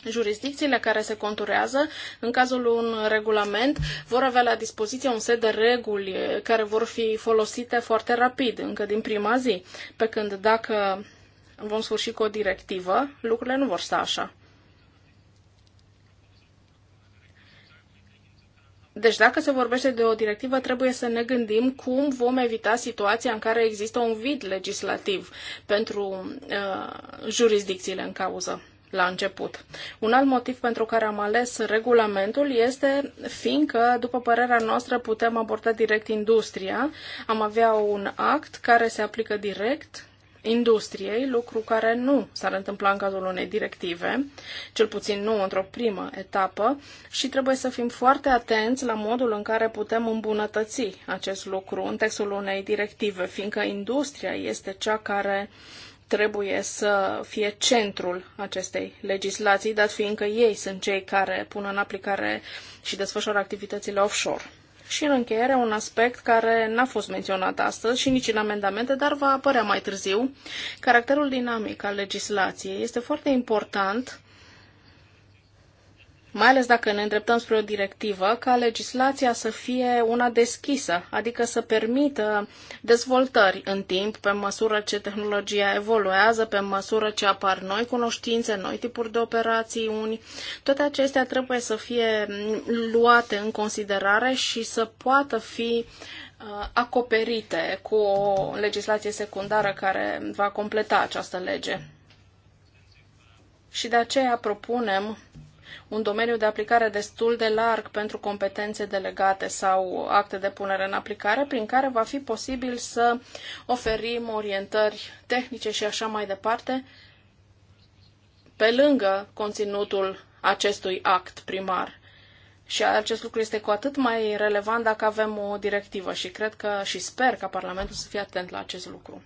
jurisdicțiile care se conturează, în cazul un regulament, vor avea la dispoziție un set de reguli care vor fi folosite foarte rapid, încă din prima zi. Pe când dacă vom sfârși cu o directivă, lucrurile nu vor sta așa. Deci dacă se vorbește de o directivă, trebuie să ne gândim cum vom evita situația în care există un vid legislativ pentru uh, jurisdicțiile în cauză la început. Un alt motiv pentru care am ales regulamentul este fiindcă, după părerea noastră, putem aborda direct industria. Am avea un act care se aplică direct industriei, lucru care nu s-ar întâmpla în cazul unei directive, cel puțin nu într-o primă etapă, și trebuie să fim foarte atenți la modul în care putem îmbunătăți acest lucru în textul unei directive, fiindcă industria este cea care trebuie să fie centrul acestei legislații, dat fiindcă ei sunt cei care pun în aplicare și desfășoară activitățile offshore. Și în încheiere, un aspect care n-a fost menționat astăzi și nici în amendamente, dar va apărea mai târziu, caracterul dinamic al legislației. Este foarte important mai ales dacă ne îndreptăm spre o directivă, ca legislația să fie una deschisă, adică să permită dezvoltări în timp, pe măsură ce tehnologia evoluează, pe măsură ce apar noi cunoștințe, noi tipuri de operațiuni. Toate acestea trebuie să fie luate în considerare și să poată fi uh, acoperite cu o legislație secundară care va completa această lege. Și de aceea propunem un domeniu de aplicare destul de larg pentru competențe delegate sau acte de punere în aplicare, prin care va fi posibil să oferim orientări tehnice și așa mai departe, pe lângă conținutul acestui act primar. Și acest lucru este cu atât mai relevant dacă avem o directivă și cred că și sper ca Parlamentul să fie atent la acest lucru.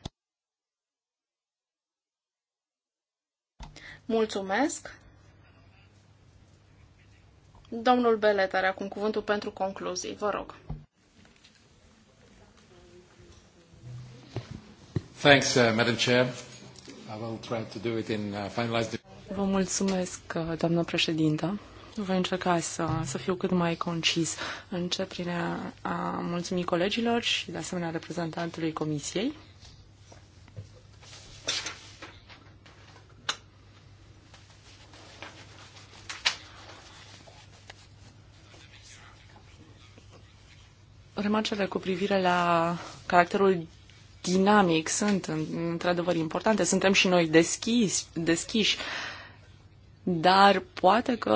Mulțumesc! Domnul Belet are acum cuvântul pentru concluzii. Vă rog. Thanks, uh, Madam Chair. I will try to do it in uh, finalized... Vă mulțumesc, uh, doamnă președintă. Voi încerca să, să fiu cât mai concis. Încep prin a, a mulțumi colegilor și, de asemenea, reprezentantului Comisiei Remarcele cu privire la caracterul dinamic sunt într-adevăr importante. Suntem și noi deschis, deschiși dar poate că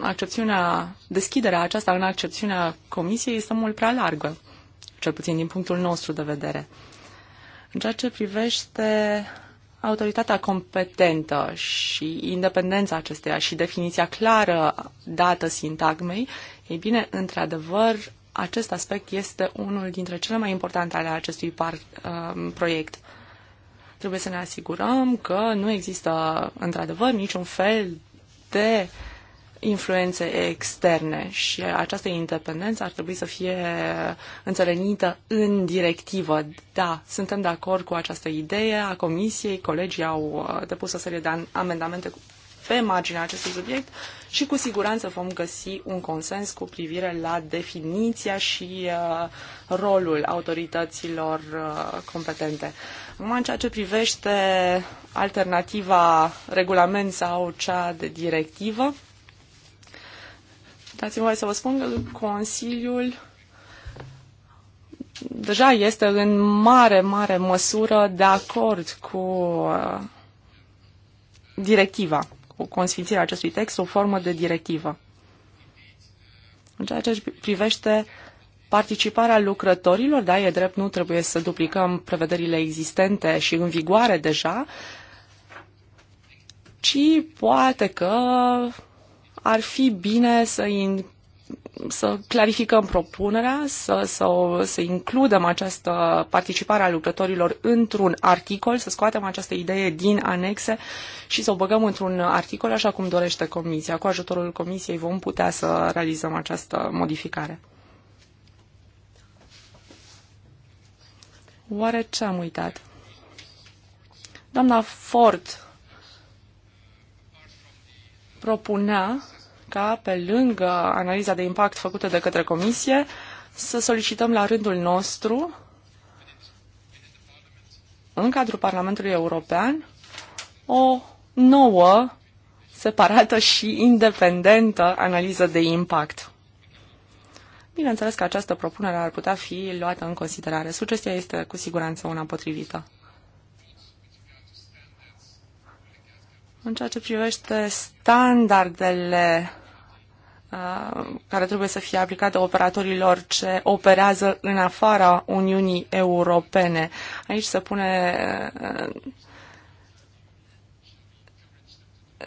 accepțiunea, deschiderea aceasta în accepțiunea comisiei este mult prea largă, cel puțin din punctul nostru de vedere. În ceea ce privește autoritatea competentă și independența acesteia și definiția clară dată sintagmei, ei bine, într-adevăr, acest aspect este unul dintre cele mai importante ale acestui par, uh, proiect. Trebuie să ne asigurăm că nu există, într-adevăr, niciun fel de influențe externe și această independență ar trebui să fie înțelenită în directivă. Da, suntem de acord cu această idee a Comisiei, colegii au uh, depus o serie de amendamente pe marginea acestui subiect și cu siguranță vom găsi un consens cu privire la definiția și uh, rolul autorităților uh, competente. în ceea ce privește alternativa regulament sau cea de directivă, dați-mi voie să vă spun că Consiliul deja este în mare, mare măsură de acord cu uh, directiva consfințirea acestui text o formă de directivă. În ceea ce privește participarea lucrătorilor, da, e drept, nu trebuie să duplicăm prevederile existente și în vigoare deja, ci poate că ar fi bine să să clarificăm propunerea, să, să, să includem această participare a lucrătorilor într-un articol, să scoatem această idee din anexe și să o băgăm într-un articol așa cum dorește Comisia. Cu ajutorul Comisiei vom putea să realizăm această modificare. Oare ce am uitat? Doamna Ford propunea ca, pe lângă analiza de impact făcută de către Comisie, să solicităm la rândul nostru, în cadrul Parlamentului European, o nouă, separată și independentă analiză de impact. Bineînțeles că această propunere ar putea fi luată în considerare. Sugestia este cu siguranță una potrivită. În ceea ce privește standardele Uh, care trebuie să fie aplicată operatorilor ce operează în afara Uniunii Europene. Aici se pune uh,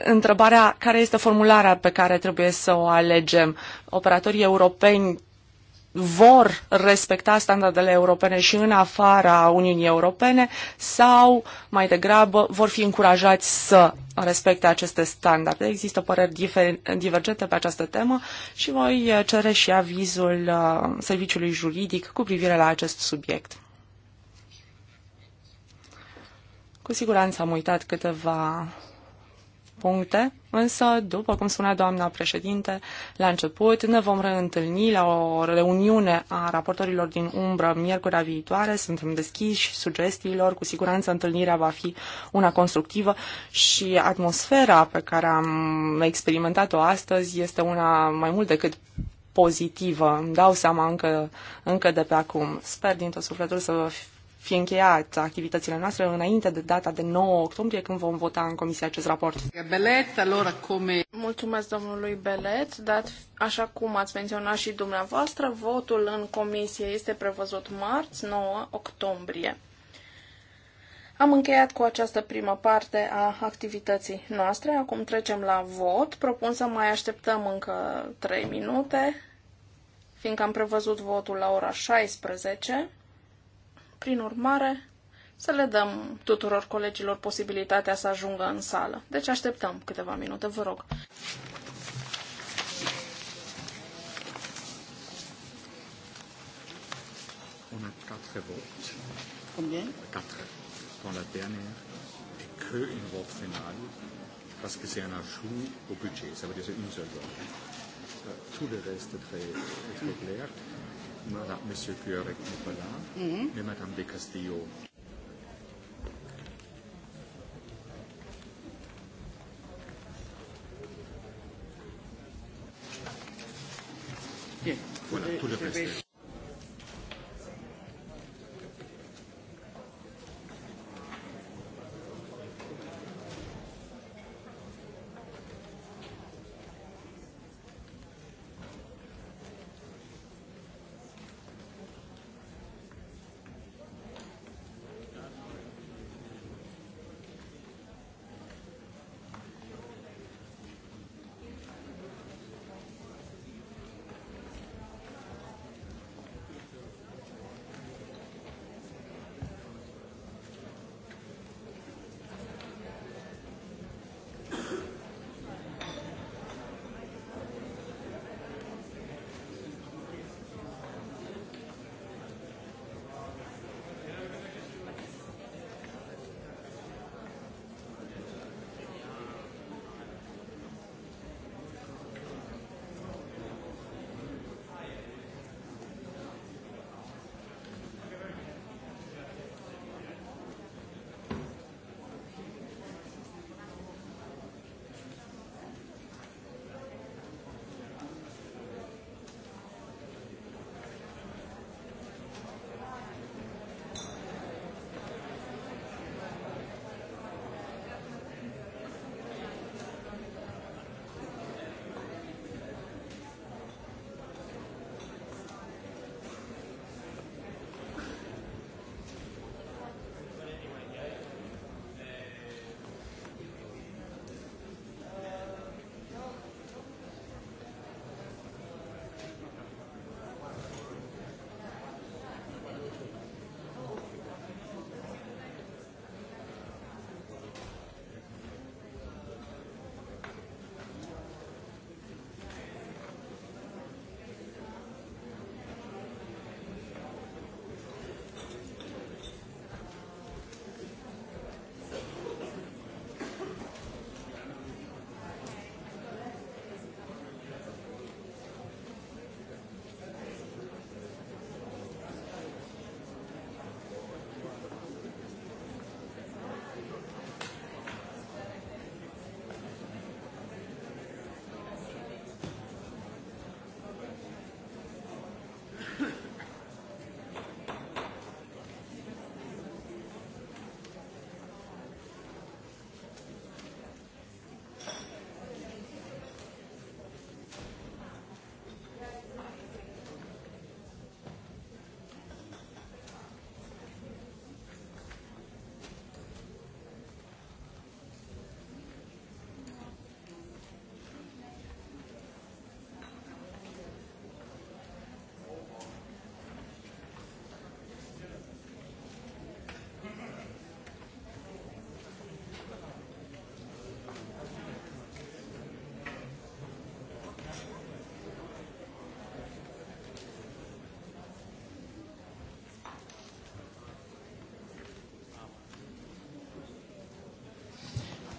întrebarea care este formularea pe care trebuie să o alegem. Operatorii europeni vor respecta standardele europene și în afara Uniunii Europene sau mai degrabă vor fi încurajați să respecte aceste standarde. Există păreri divergente pe această temă și voi eh, cere și avizul eh, serviciului juridic cu privire la acest subiect. Cu siguranță am uitat câteva puncte, însă, după cum spunea doamna președinte la început, ne vom reîntâlni la o reuniune a raportorilor din umbră miercurea viitoare. Suntem deschiși sugestiilor, cu siguranță întâlnirea va fi una constructivă și atmosfera pe care am experimentat-o astăzi este una mai mult decât pozitivă. Îmi dau seama încă, încă de pe acum. Sper din tot sufletul să fi încheiat activitățile noastre înainte de data de 9 octombrie, când vom vota în comisie acest raport. Belet, alora, come... Mulțumesc domnului Belet, dar așa cum ați menționat și dumneavoastră, votul în comisie este prevăzut marți, 9 octombrie. Am încheiat cu această primă parte a activității noastre. Acum trecem la vot. Propun să mai așteptăm încă 3 minute, fiindcă am prevăzut votul la ora 16. Prin urmare, să le dăm tuturor colegilor posibilitatea să ajungă în sală. Deci așteptăm câteva minute, vă rog. On a quatre votes. Combien Quatre. Dans la dernière, et que une vote finale, parce que c'est un ajout au budget, ça veut dire une seule vote. Euh, tout le reste est très, est très clair. Voilà, Monsieur Cuirec n'est pas là, mm -hmm. mais Madame de Castillo Bien. Voilà, tout le reste.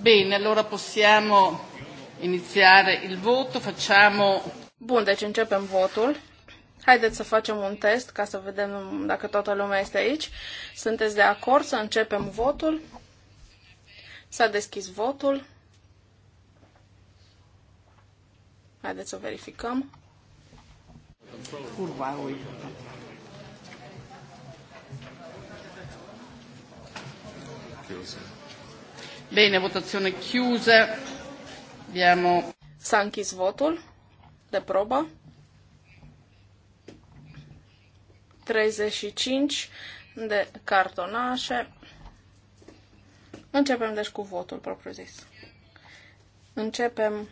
Bine, allora possiamo iniziare il voto, facciamo... Bun, deci începem votul. Haideți să facem un test ca să vedem dacă toată lumea este aici. Sunteți de acord să începem votul? S-a deschis votul. Haideți să verificăm. Curva, uite. Bine, votazione chiusa. Abbiamo... S-a închis votul de probă. 35 de cartonașe. Începem deci cu votul propriu-zis. Începem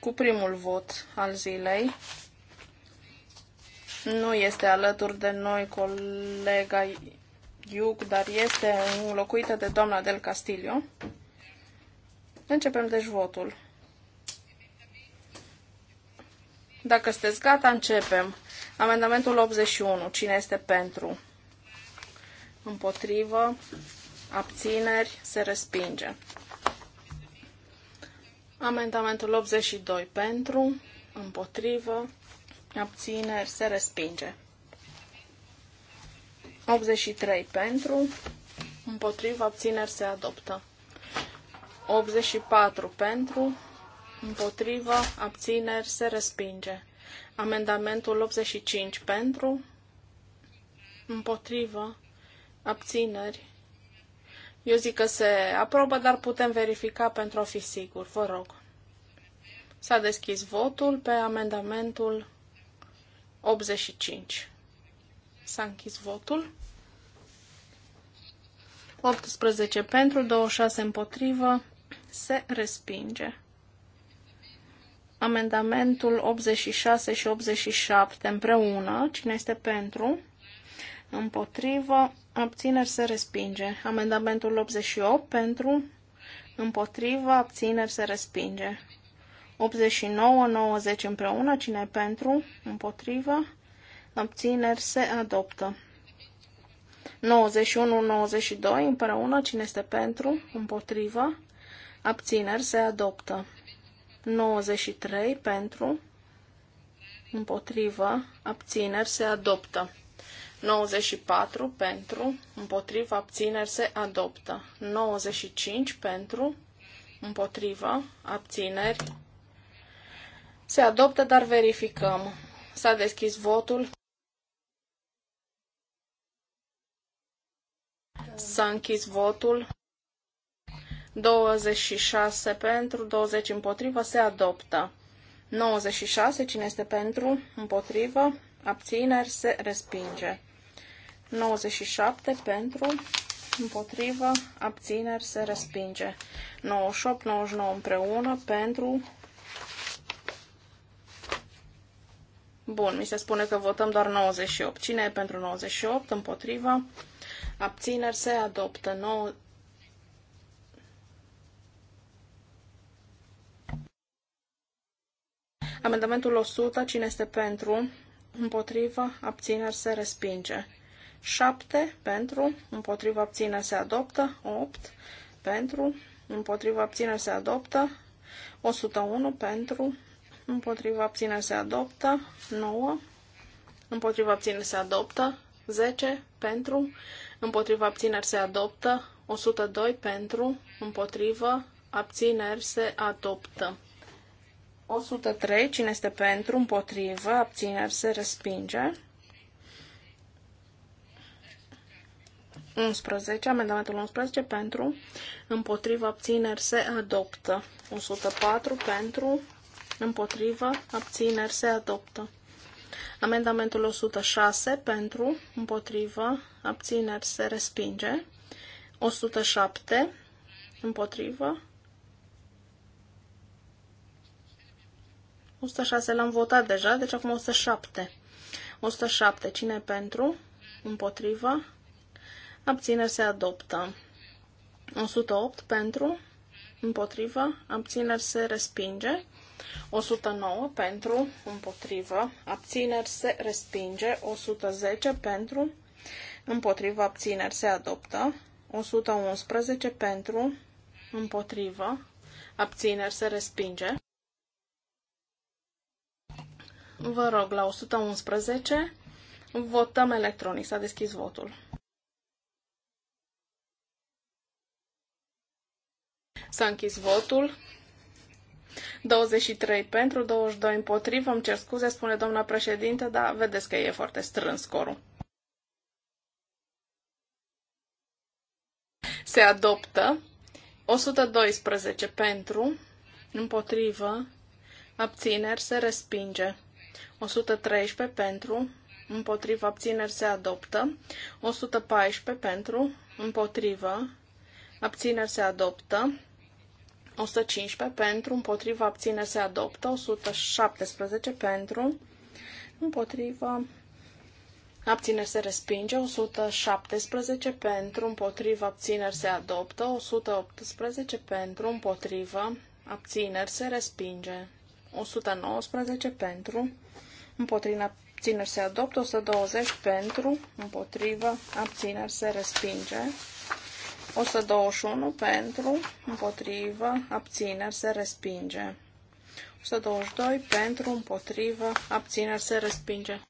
cu primul vot al zilei. Nu este alături de noi colega Duke, dar este înlocuită de doamna Del Castillo. Începem deci votul. Dacă sunteți gata, începem. Amendamentul 81. Cine este pentru? Împotrivă. Abțineri. Se respinge. Amendamentul 82. Pentru. Împotrivă. Abțineri. Se respinge. 83 pentru, împotriva abțineri se adoptă. 84 pentru, împotriva abțineri se respinge. Amendamentul 85 pentru, împotriva abțineri. Eu zic că se aprobă, dar putem verifica pentru a fi sigur. Vă rog. S-a deschis votul pe amendamentul 85. S-a închis votul. 18 pentru, 26 împotrivă, se respinge. Amendamentul 86 și 87 împreună, cine este pentru, împotrivă, abțineri se respinge. Amendamentul 88 pentru, împotrivă, abțineri se respinge. 89, 90 împreună, cine pentru, împotrivă, abțineri, se adoptă. 91-92 împreună, cine este pentru, împotrivă, abțineri, se adoptă. 93 pentru, împotrivă, abțineri, se adoptă. 94 pentru, împotrivă, abțineri, se adoptă. 95 pentru, împotrivă, abțineri, se adoptă, dar verificăm. S-a deschis votul. S-a închis votul. 26 pentru, 20 împotrivă, se adoptă. 96, cine este pentru, împotrivă, abțineri, se respinge. 97 pentru, împotrivă, abțineri, se respinge. 98, 99 împreună, pentru... Bun, mi se spune că votăm doar 98. Cine e pentru 98, împotrivă, abțineri se adoptă. nou. Amendamentul 100, cine este pentru, împotriva, abțineri se respinge. 7 pentru, împotriva abțineri se adoptă, 8 pentru, împotriva abțineri se adoptă, 101 pentru, împotriva abțineri se adoptă, 9, împotriva abțineri se adoptă, 10 pentru, împotriva abțineri se adoptă, 102 pentru, Împotriva abțineri se adoptă. 103, cine este pentru, împotrivă, abțineri se respinge. 11, amendamentul 11 pentru, împotrivă, abțineri se adoptă. 104 pentru, împotrivă, abțineri se adoptă. Amendamentul 106 pentru, împotrivă, abțineri se respinge. 107 împotrivă. 106 l-am votat deja, deci acum 107. 107. Cine pentru? Împotrivă. Abțineri se adoptă. 108 pentru. Împotrivă. Abțineri se respinge. 109 pentru, împotrivă, abțineri se respinge, 110 pentru, împotrivă, abțineri se adoptă, 111 pentru, împotrivă, abțineri se respinge. Vă rog, la 111 votăm electronic. S-a deschis votul. S-a închis votul. 23 pentru, 22 împotrivă. Îmi cer scuze, spune doamna președinte, dar vedeți că e foarte strâns scorul. Se adoptă 112 pentru, împotrivă, abțineri, se respinge. 113 pentru, împotrivă, abțineri, se adoptă. 114 pentru, împotrivă, abțineri, se adoptă. 115 pentru, împotriva abține se adoptă, 117 pentru, împotriva abține se respinge, 117 pentru, împotriva abțineri se adoptă, 118 pentru, împotriva abțineri se respinge, 119 pentru, împotriva abțineri se adoptă, 120 pentru, împotriva abțineri se respinge. 121 pentru, împotrivă, abțineri, se respinge. 122 pentru, împotrivă, abțineri, se respinge.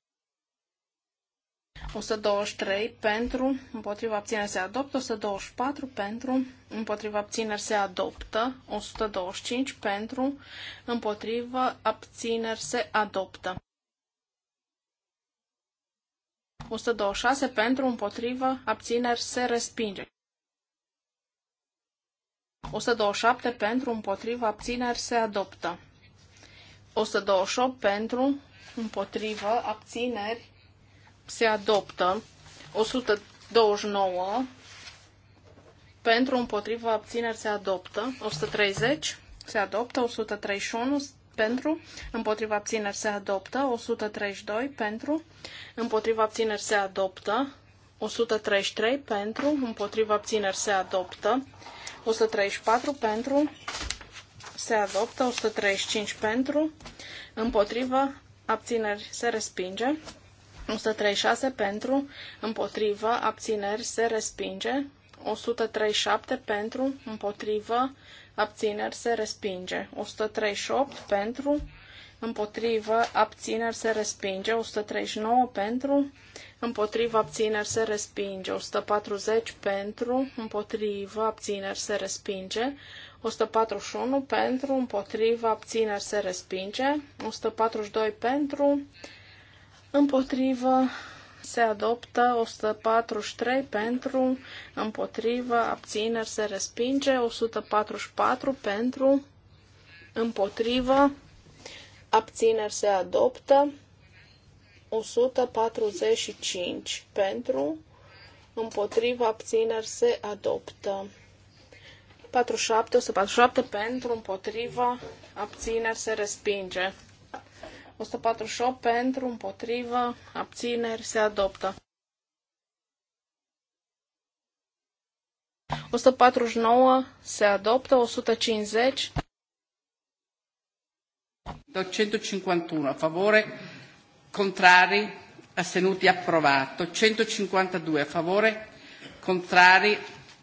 123 pentru, împotriva abțineri se adoptă, 124 pentru, împotriva abțineri se adoptă, 125 pentru, împotriva abțineri se adoptă. 126 pentru, împotriva abțineri se respinge. 127 pentru, împotriva, abțineri se adoptă. 128 pentru, împotriva, abțineri se adoptă. 129 pentru, împotriva, abțineri se adoptă. 130 se adoptă. 131 pentru, împotriva abțineri se adoptă, 132 pentru, împotriva abțineri se adoptă, 133 pentru, împotriva abțineri se adoptă, 134 pentru, se adoptă, 135 pentru, împotrivă, abțineri, se respinge, 136 pentru, împotrivă, abțineri, se respinge, 137 pentru, împotrivă, abțineri, se respinge, 138 pentru, împotrivă, abțineri, se respinge, 139 pentru, împotriva abțineri se respinge, 140 pentru, împotriva abțineri se respinge, 141 pentru, împotriva abțineri se respinge, 142 pentru, împotriva se adoptă 143 pentru, împotriva, abțineri se respinge, 144 pentru, împotriva, abțineri se adoptă, 145 pentru, împotriva abțineri se adoptă. 47, 147 pentru, împotriva abțineri se respinge. 148 pentru, împotriva abțineri se adoptă. 149 se adoptă, 150. 151 a favore, Contrari? Astenuti? Approvato. 152 a favore? Contrari?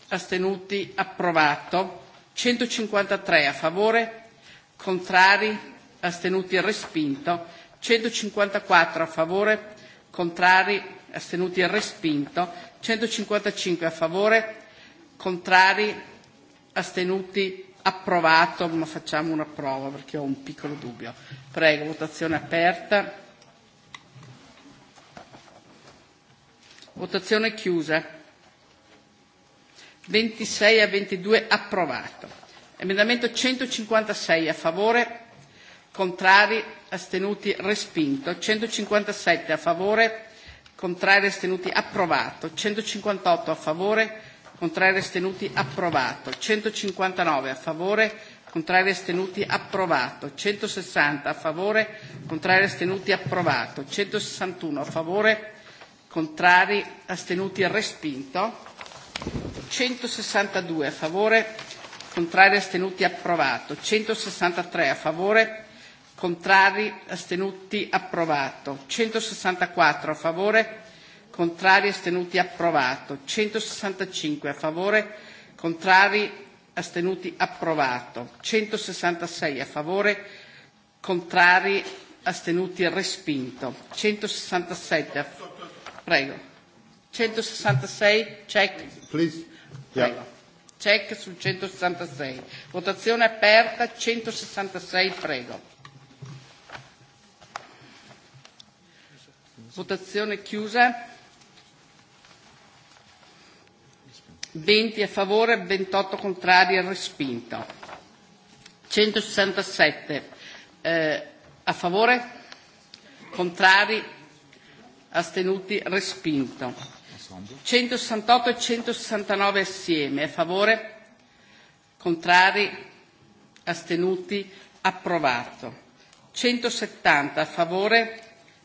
Astenuti? Approvato. 153 a favore? Contrari? Astenuti? Respinto. 154 a favore? Contrari? Astenuti? Respinto. 155 a favore? Contrari? Astenuti? Approvato. Ma facciamo una prova perché ho un piccolo dubbio. Prego, votazione aperta. Votazione chiusa. 26 a 22 approvato. Emendamento 156 a favore, contrari, astenuti, respinto. 157 a favore, contrari, astenuti, approvato. 158 a favore, contrari, astenuti, approvato. 159 a favore, contrari, astenuti, approvato. 160 a favore, contrari, astenuti, approvato. 161 a favore, contrari, astenuti, respinto. 162 a favore, contrari, astenuti, approvato. 163 a favore, contrari, astenuti, approvato. 164 a favore, contrari, astenuti, approvato. 165 a favore, contrari, astenuti, approvato. 166 a favore, contrari, astenuti, respinto. 167 a favore Prego. 166, check. Please. Yeah. Prego. Check sul 166. Votazione aperta, 166, prego. Votazione chiusa. 20 a favore, 28 contrari, respinto. 167 eh, a favore, contrari, astenuti, respinto. 168 e 169 assieme, a favore, contrari, astenuti, approvato. 170 a favore,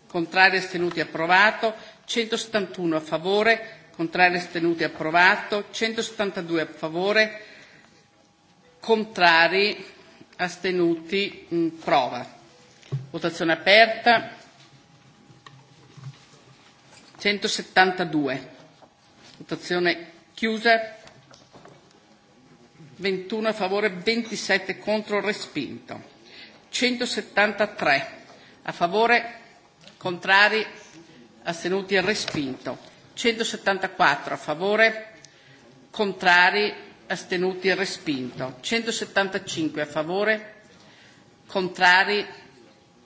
contrari, astenuti, approvato. 171 a favore, contrari, astenuti, approvato. 172 a favore, contrari, astenuti, mm, prova. Votazione aperta. 172. Votazione chiusa. 21 a favore, 27 contro, respinto. 173 a favore, contrari, astenuti, respinto. 174 a favore, contrari, astenuti, respinto. 175 a favore, contrari,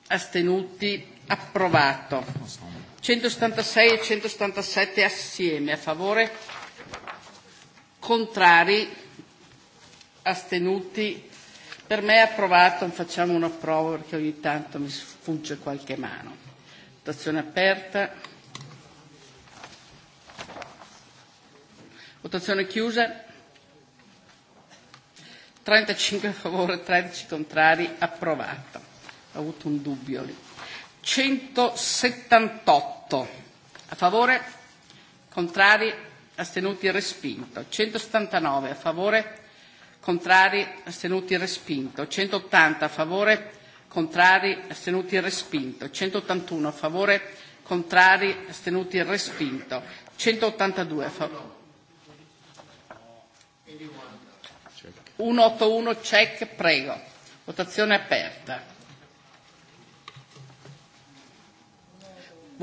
astenuti, approvato. 186 e 187 assieme, a favore, contrari, astenuti. Per me è approvato, facciamo una prova perché ogni tanto mi sfugge qualche mano. Votazione aperta. Votazione chiusa. 35 a favore, 13 contrari, approvato. Ho avuto un dubbio lì. 178. A favore? Contrari? Astenuti? Respinto. 179. A favore? Contrari? Astenuti? Respinto. 180. A favore? Contrari? Astenuti? Respinto. 181. A favore? Contrari? Astenuti? Respinto. 182. A favore? 181 check, prego. Votazione aperta.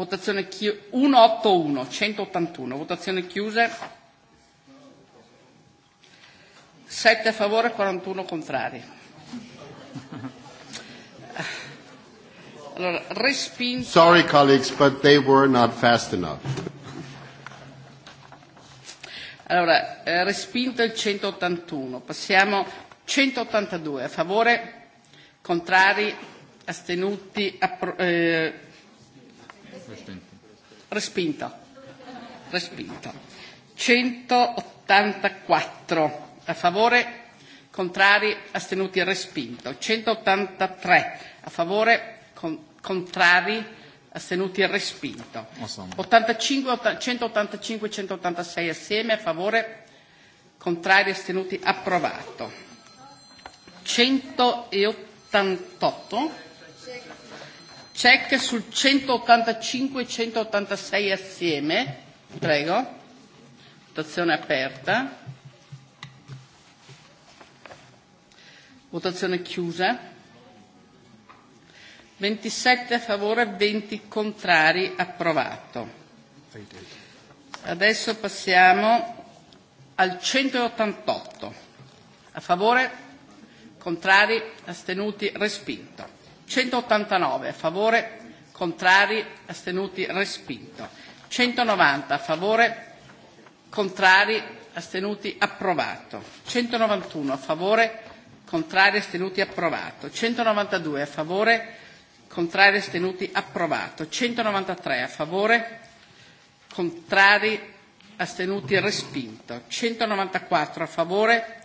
Votazione chi- 181, 181. Votazione chiuse. 7 a favore, 41 contrari. Allora, respinto. Sorry colleagues, but they were not fast enough. Allora, eh, respinto il 181. Passiamo 182. A favore, contrari, astenuti, appro- eh, Respinto. Respinto. 184 a favore, contrari, astenuti, respinto. 183 a favore, con, contrari, astenuti, respinto. 85, 185, 186 assieme a favore, contrari, astenuti, approvato. 188 Check sul 185 e 186 assieme. Prego. Votazione aperta. Votazione chiusa. 27 a favore, 20 contrari, approvato. Adesso passiamo al 188. A favore, contrari, astenuti, respinto. 189 a favore, contrari, astenuti, respinto. 190 a favore, contrari, astenuti, approvato. 191 a favore, contrari, astenuti, approvato. 192 a favore, contrari, astenuti, approvato. 193 a favore, contrari, astenuti, respinto. 194 a favore,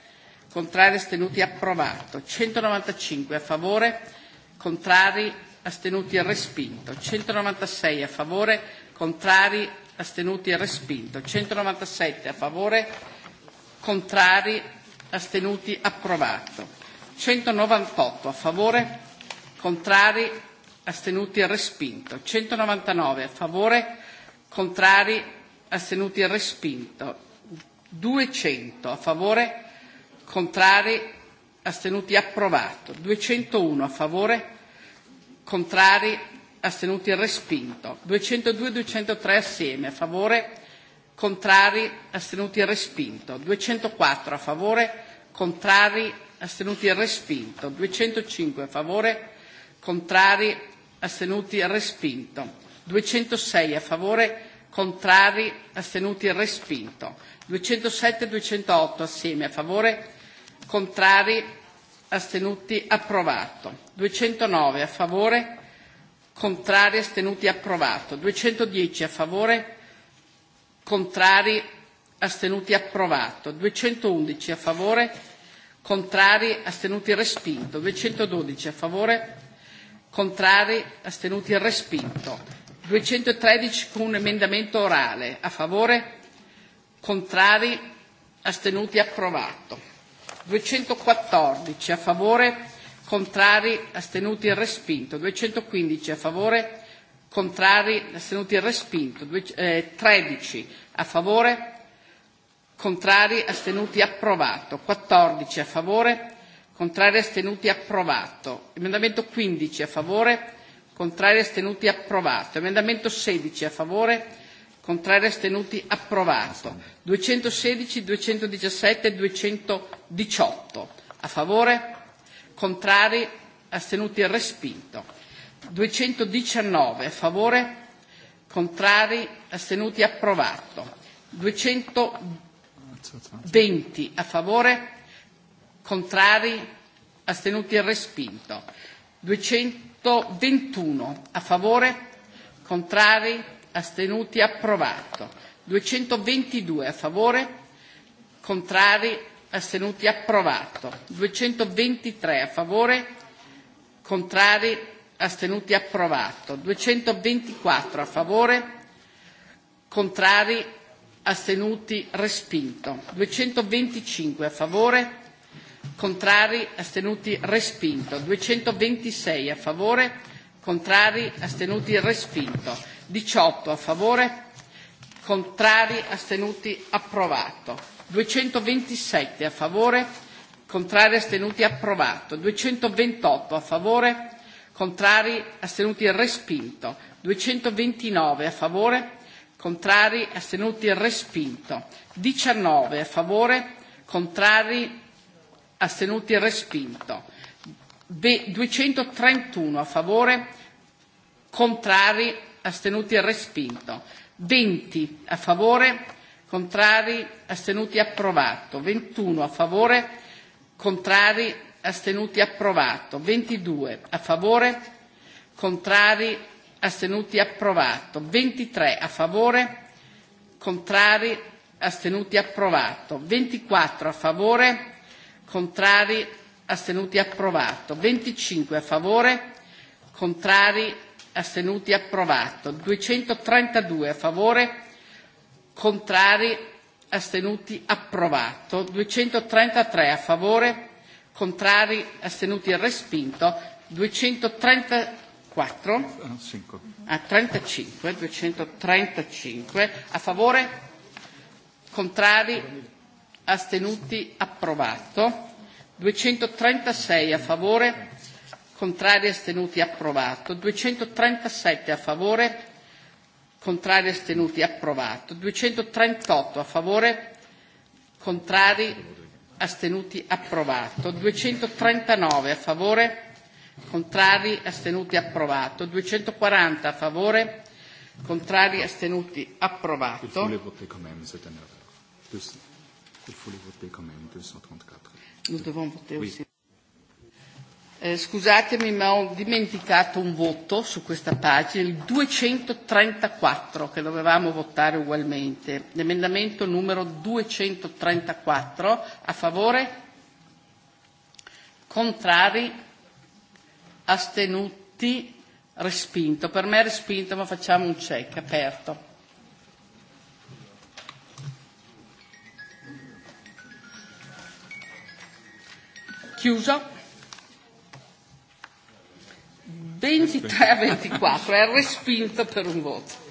contrari, astenuti, approvato. 195 a favore, contrari, astenuti e respinto. 196 a favore, contrari, astenuti e respinto. 197 a favore, contrari, astenuti, approvato. 198 a favore, contrari, astenuti e respinto. 199 a favore, contrari, astenuti e respinto. 200 a favore, contrari, astenuti approvato, 201 a favore, contrari, astenuti respinto, 202-203 assieme a favore, contrari, astenuti respinto, 204 a favore, contrari, astenuti respinto, 205 a favore, contrari, astenuti respinto, 206 a favore, contrari, astenuti respinto, 207-208 assieme a favore, Contrari? Astenuti? Approvato. 209 a favore? Contrari? Astenuti? Approvato. 210 a favore? Contrari? Astenuti? Approvato. 211 a favore? Contrari? Astenuti? Respinto. 212 a favore? Contrari? Astenuti? Respinto. 213 con un emendamento orale. A favore? Contrari? Astenuti? Approvato. 214 a favore, contrari, astenuti, respinto. 215 a favore, contrari, astenuti, respinto. 13 eh, a favore, contrari, astenuti, approvato. 14 a favore, contrari, astenuti, approvato. Emendamento 15 a favore, contrari, astenuti, approvato. Emendamento 16 a favore, Contrari astenuti approvato. 216, 217 218. A favore? Contrari astenuti respinto. 219 a favore? Contrari astenuti approvato. 220 a favore? Contrari astenuti respinto. 221 a favore? Contrari astenuti, approvato. 222 a favore, contrari, astenuti, approvato. 223 a favore, contrari, astenuti, approvato. 224 a favore, contrari, astenuti, respinto. 225 a favore, contrari, astenuti, respinto. 226 a favore, contrari, astenuti, respinto. 18 a favore, contrari, astenuti, approvato. 227 a favore, contrari, astenuti, approvato. 228 a favore, contrari, astenuti, respinto. 229 a favore, contrari, astenuti, respinto. 19 a favore, contrari, astenuti, respinto. 231 a favore, contrari, astenuti respinto, 20 a favore, contrari, astenuti approvato, 21 a favore, contrari, astenuti approvato, 22 a favore, contrari, astenuti approvato, 23 a favore, contrari, astenuti approvato, 24 a favore, contrari, astenuti approvato, 25 a favore, contrari, astenuti approvato, 232 a favore, contrari, astenuti approvato, 233 a favore, contrari, astenuti respinto, 234 ah, a 35, 235 a favore, contrari, astenuti approvato, 236 a favore, contrari astenuti approvato, 237 a favore, contrari astenuti approvato, 238 a favore, contrari astenuti approvato, 239 a favore, contrari astenuti approvato, 240 a favore, contrari astenuti approvato. Nous devons voter aussi. Eh, scusatemi ma ho dimenticato un voto su questa pagina, il 234 che dovevamo votare ugualmente. L'emendamento numero 234 a favore? Contrari? Astenuti? Respinto. Per me è respinto ma facciamo un check aperto. Chiuso 23 a 24 è respinto per un voto.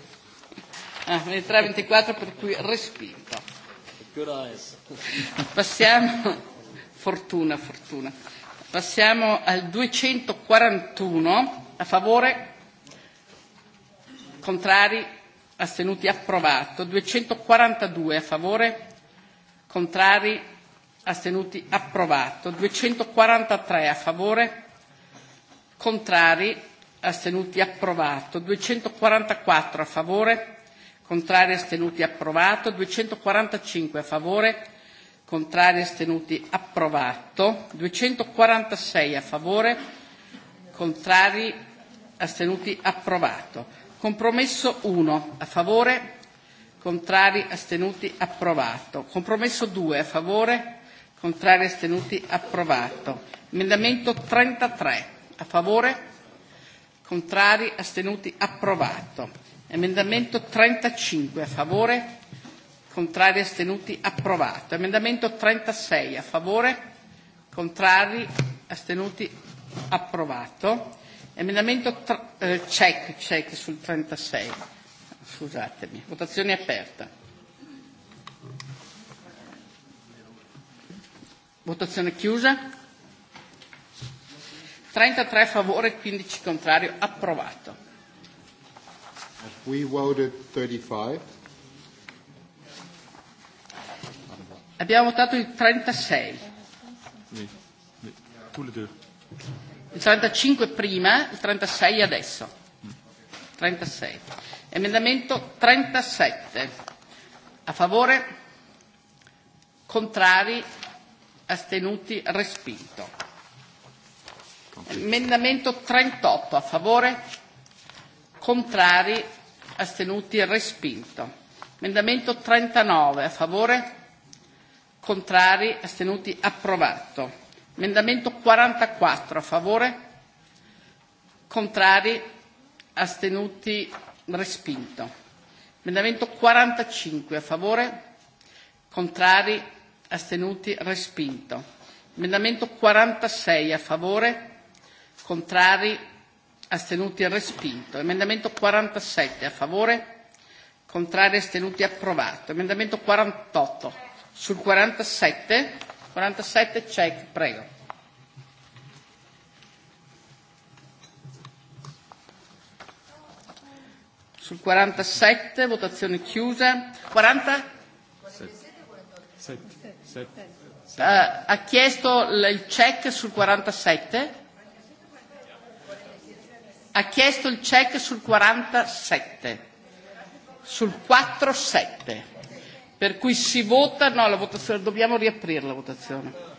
Ah, 23 a 24 per cui respinto. Passiamo, fortuna, fortuna. Passiamo al 241 a favore, contrari, astenuti, approvato. 242 a favore, contrari, astenuti, approvato. 243 a favore, contrari, astenuti, approvato. 244 a favore, contrari, astenuti, approvato. 245 a favore, contrari, astenuti, approvato. 246 a favore, contrari, astenuti, approvato. Compromesso 1 a favore, contrari, astenuti, approvato. Compromesso 2 a favore, contrari, astenuti, approvato. Emendamento 33 a favore? Contrari? Astenuti? Approvato. Emendamento 35. A favore? Contrari? Astenuti? Approvato. Emendamento 36. A favore? Contrari? Astenuti? Approvato. Emendamento eh, check, check sul 36. Scusatemi. Votazione aperta. Votazione chiusa. 33 a favore, 15 contrario, approvato. We voted 35. Abbiamo votato il 36. Il 35 prima, il 36 adesso. 36. Emendamento 37. A favore? Contrari? Astenuti? Respinto. Emendamento 38 a favore, contrari, astenuti, respinto. Emendamento 39 a favore, contrari, astenuti, approvato. Emendamento 44 a favore, contrari, astenuti, respinto. Emendamento 45 a favore, contrari, astenuti, respinto. Emendamento 46 a favore, Contrari? Astenuti? Respinto. Emendamento 47 a favore? Contrari? Astenuti? Approvato. Emendamento 48. Sul 47? 47 check, prego. Sul 47, votazione chiusa. 40? 7. 7. Uh, ha chiesto il check sul 47? ha chiesto il check sul 47, sul 47. Per cui si vota, no, la votazione, dobbiamo riaprire la votazione.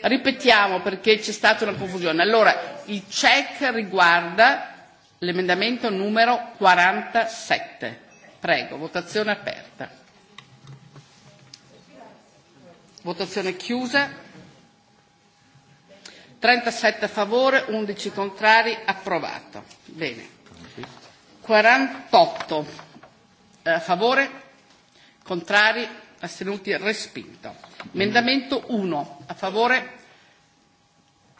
Ripetiamo perché c'è stata una confusione. Allora, il check riguarda l'emendamento numero 47. Prego, votazione aperta. Votazione chiusa. 37 a favore, 11 contrari, approvato. Bene. 48 eh, a favore, contrari, astenuti, respinto. Emendamento 1 a favore,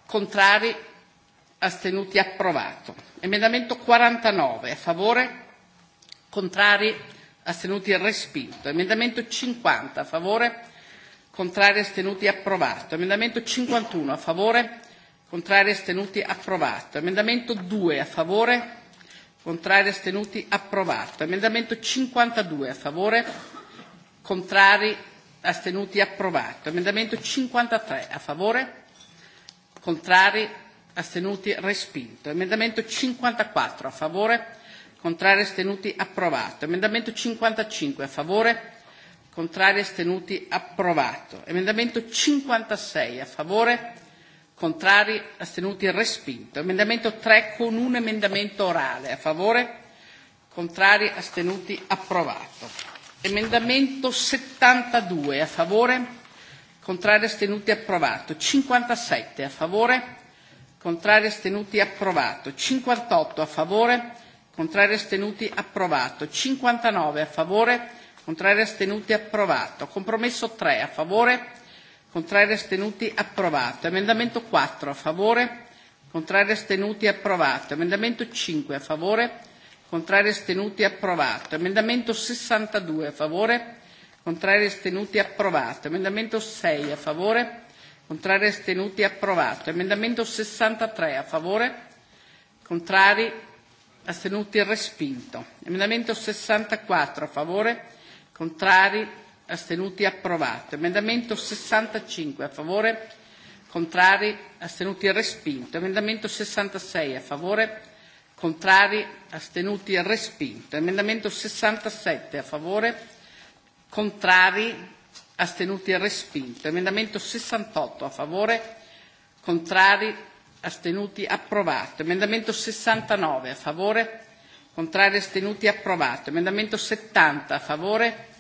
contrari, astenuti, approvato. Emendamento 49 a favore, contrari, astenuti, respinto. Emendamento 50 a favore, contrari, astenuti, approvato. Emendamento 51 a favore, Contrari astenuti approvato. Emendamento 2 a favore. Contrari astenuti approvato. Emendamento 52 a favore. Contrari astenuti approvato. Emendamento 53 a favore. Contrari astenuti respinto. Emendamento 54 a favore. Contrari astenuti approvato. Emendamento 55 a favore. Contrari astenuti approvato. Emendamento 56 a favore Contrari? Astenuti? Respinto. Emendamento 3 con un emendamento orale. A favore? Contrari? Astenuti? Approvato. Emendamento 72. A favore? Contrari? Astenuti? Approvato. 57. A favore? Contrari? Astenuti? Approvato. 58. A favore? Contrari? Astenuti? Approvato. 59. A favore? Contrari? Astenuti? Approvato. Compromesso 3. A favore? Contrari astenuti approvato. Emendamento 4 a favore. Contrari astenuti approvato. Emendamento 5 a favore. Contrari astenuti approvato. Emendamento 62 a favore. Contrari astenuti approvato. Emendamento 6 a favore. Contrari astenuti approvato. Emendamento 63 a favore. Contrari astenuti respinto. Emendamento 64 a favore. Contrari astenuti approvato. Emendamento 65 a favore, contrari, astenuti respinto. Emendamento 66 a favore, contrari, astenuti respinto. Emendamento 67 a favore, contrari, astenuti respinto. Emendamento 68 a favore, contrari, astenuti approvato. Emendamento 69 a favore, contrari, astenuti approvato. Emendamento 70 a favore,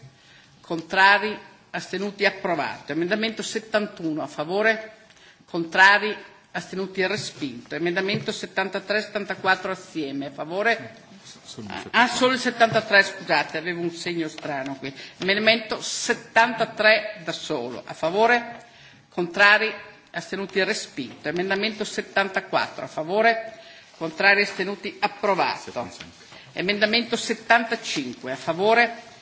Contrari? Astenuti? Approvato. Emendamento 71 a favore? Contrari? Astenuti? Respinto. Emendamento 73-74 assieme. A favore? Ah, solo il 73, scusate, avevo un segno strano qui. Emendamento 73 da solo. A favore? Contrari? Astenuti? Respinto. Emendamento 74 a favore? Contrari? Astenuti? Approvato. Emendamento 75 a favore?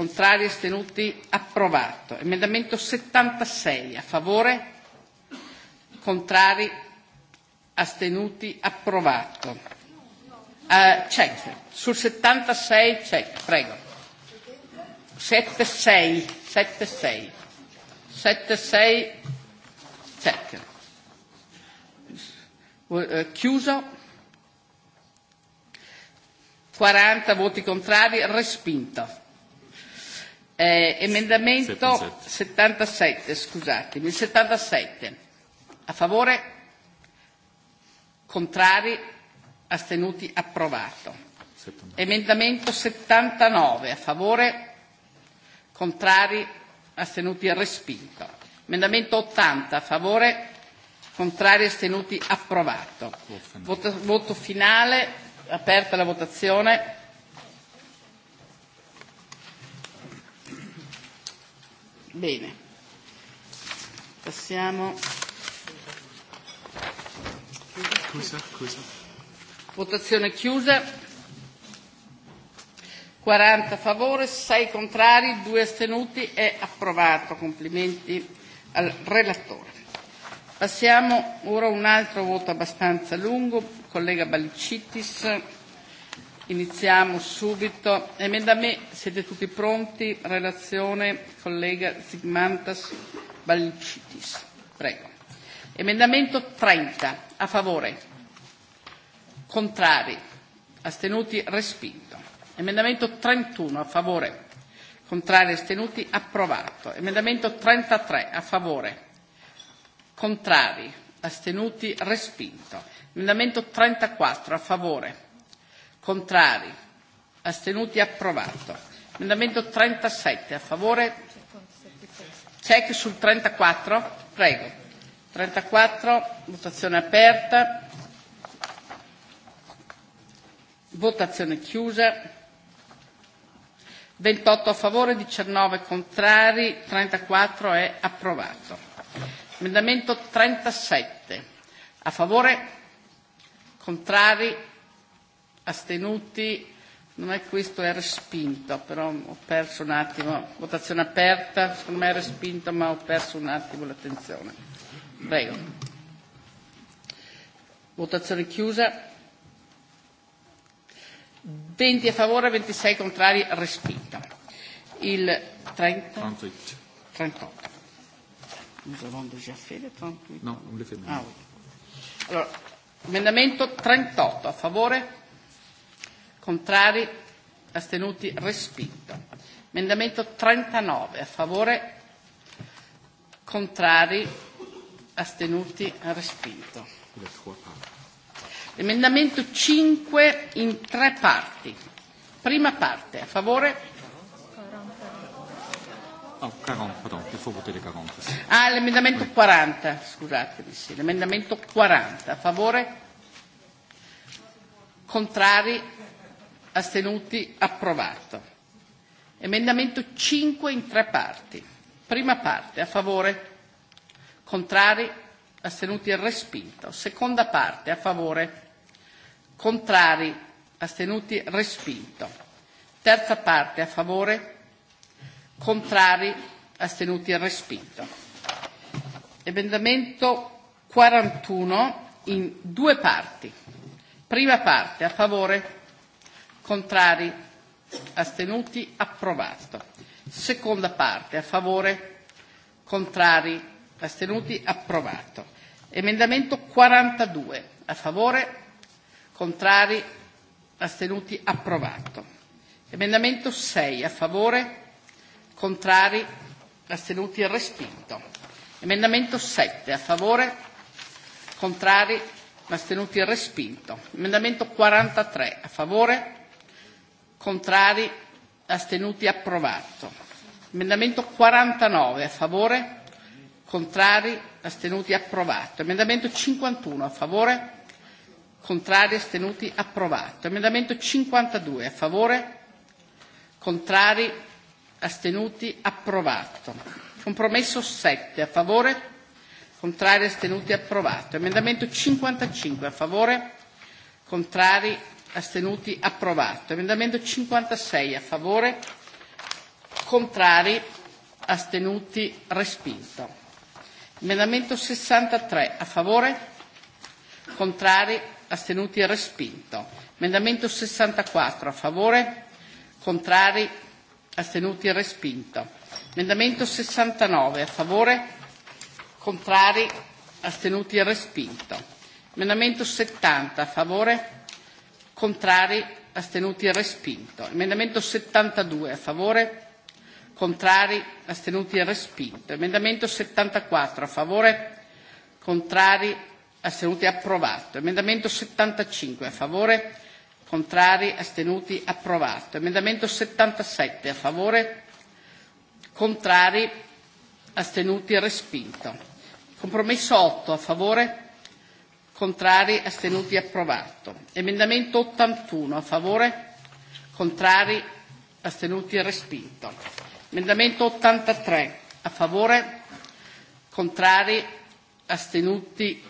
contrari, astenuti, approvato. Emendamento 76, a favore, contrari, astenuti, approvato. Uh, eh, c'è, Sul 76, c'è, prego. 76, 76. 76, c'è. Uh, chiuso. 40 voti contrari, respinto. Eh, emendamento 77. 77, scusatemi, il 77. A favore? Contrari? Astenuti? Approvato. 79. Emendamento 79. A favore? Contrari? Astenuti? Respinto. Emendamento 80. A favore? Contrari? Astenuti? Approvato. Voto, voto finale. Aperta la votazione. Bene, passiamo. Chiusa, chiusa. Votazione chiusa. 40 a favore, 6 contrari, 2 astenuti. È approvato. Complimenti al relatore. Passiamo ora a un altro voto abbastanza lungo. Collega Balicitis Iniziamo subito. Emendamento, siete tutti pronti? Relazione collega Sigmantas Balcitis. Prego. Emendamento 30. A favore. Contrari. Astenuti. Respinto. Emendamento 31. A favore. Contrari. Astenuti. Approvato. Emendamento 33. A favore. Contrari. Astenuti. Respinto. Emendamento 34. A favore Contrari? Astenuti? Approvato. Emendamento 37. A favore? Check sul 34. Prego. 34. Votazione aperta. Votazione chiusa. 28 a favore, 19 contrari, 34 è approvato. Emendamento 37. A favore? Contrari? astenuti, non è questo, è respinto, però ho perso un attimo, votazione aperta, secondo me è respinto ma ho perso un attimo l'attenzione. Prego. Votazione chiusa. 20 a favore, 26 contrari, respinto. Il 30? 38. 38. Nous avons déjà fait le 38 Non, le fait Ah, oui. Allora, emendamento 38, a favore? Contrari? Astenuti? Respinto. Emendamento 39. A favore? Contrari? Astenuti? Respinto. Emendamento 5 in tre parti. Prima parte. A favore? Oh, ah, 40, pardon, il faut voter 40. Sì. Ah, l'emendamento 40, scusatemi, sì, l'emendamento 40, a favore? Contrari? astenuti, approvato. Emendamento 5 in tre parti. Prima parte, a favore, contrari, astenuti, respinto. Seconda parte, a favore, contrari, astenuti, respinto. Terza parte, a favore, contrari, astenuti, respinto. Emendamento 41 in due parti. Prima parte, a favore, Contrari? Astenuti? Approvato. Seconda parte. A favore? Contrari? Astenuti? Approvato. Emendamento 42. A favore? Contrari? Astenuti? Approvato. Emendamento 6. A favore? Contrari? Astenuti? Respinto. Emendamento 7. A favore? Contrari? Astenuti? Respinto. Emendamento 43. A favore? Contrari? Astenuti? Approvato. Emendamento 49 a favore? Contrari? Astenuti? Approvato. Emendamento 51 a favore? Contrari? Astenuti? Approvato. Emendamento 52 a favore? Contrari? Astenuti? Approvato. Compromesso 7 a favore? Contrari? Astenuti? Approvato. Emendamento 55 a favore? Contrari? astenuti, approvato. Emendamento 56 a favore, contrari, astenuti, respinto. Emendamento 63 a favore, contrari, astenuti, respinto. Emendamento 64 a favore, contrari, astenuti, respinto. Emendamento 69 a favore, contrari, astenuti, respinto. Emendamento 70 a favore, contrari, astenuti, respinto. Emendamento 72 a favore, contrari, astenuti, respinto. Emendamento 74 a favore, contrari, astenuti, approvato. Emendamento 75 a favore, contrari, astenuti, approvato. Emendamento 77 a favore, contrari, astenuti, respinto. Compromesso 8 a favore, Contrari, astenuti, approvato. Emendamento 81, a favore? Contrari, astenuti, respinto. Emendamento 83, a favore? Contrari, astenuti,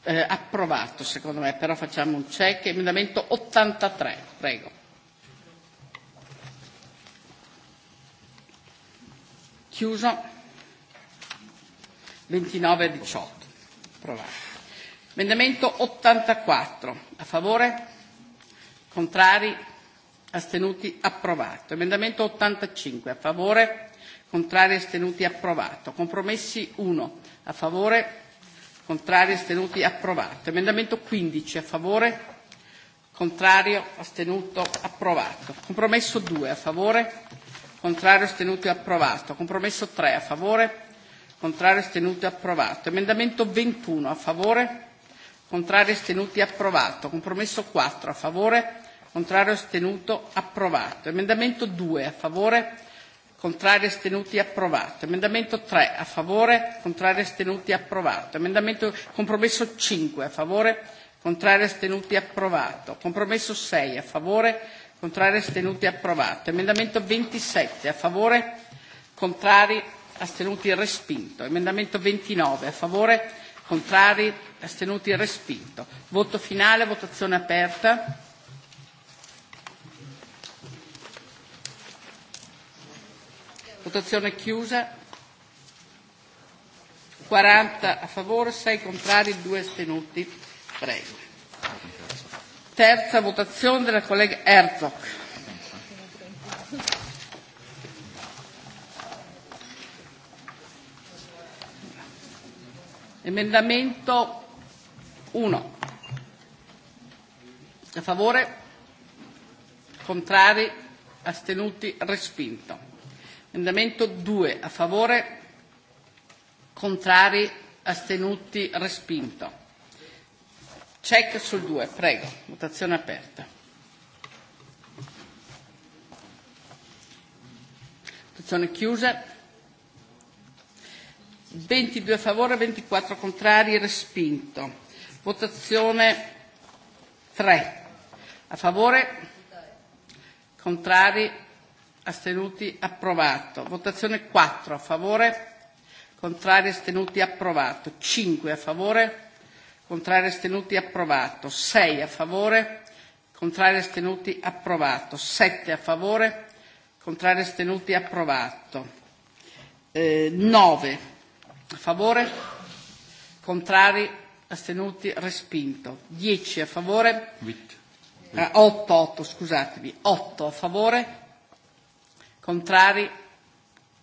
Eh, approvato secondo me, però facciamo un check. Emendamento 83, prego. Chiuso. 29 18 approvato. Emendamento 84, a favore? Contrari? Astenuti? Approvato. Emendamento 85, a favore? Contrari? Astenuti? Approvato. Compromessi 1, a favore? Contrari? Astenuti? Approvato. Emendamento 15, a favore? Contrario? Astenuto? Approvato. Compromesso 2, a favore? Contrario? Astenuti? Approvato. Compromesso 3, a favore? Contrari astenuti approvato. Emendamento 21 a favore. Contrari astenuti approvato. Compromesso 4 a favore. Contrario astenuto approvato. Emendamento 2 a favore. Contrari astenuti approvato. Emendamento 3 a favore. Contrari astenuti approvato. Emendamento compromesso 5 a favore. Contrari astenuti approvato. Compromesso 6 a favore. Contrari astenuti approvato. Emendamento 27 a favore. Contrari astenuti respinto. Emendamento 29 a favore, contrari, astenuti respinto. Voto finale, votazione aperta. Votazione chiusa. 40 a favore, 6 contrari, 2 astenuti. Prego. Terza votazione della collega Herzog. Emendamento 1. A favore? Contrari? Astenuti? Respinto. Emendamento 2. A favore? Contrari? Astenuti? Respinto. Check sul 2. Prego. Votazione aperta. Votazione chiusa. 22 a favore, 24 contrari, respinto. Votazione 3. A favore? Contrari? Astenuti? Approvato. Votazione 4. A favore? Contrari? Astenuti? Approvato. 5. A favore? Contrari? Astenuti? Approvato. 6. A favore? Contrari? Astenuti? Approvato. 7. A favore? Contrari? Astenuti? Approvato. Eh, 9 Eh, a favore? Contrari? Astenuti? Respinto. 10 a favore? 8, 8, scusatevi. 8 a favore? Contrari?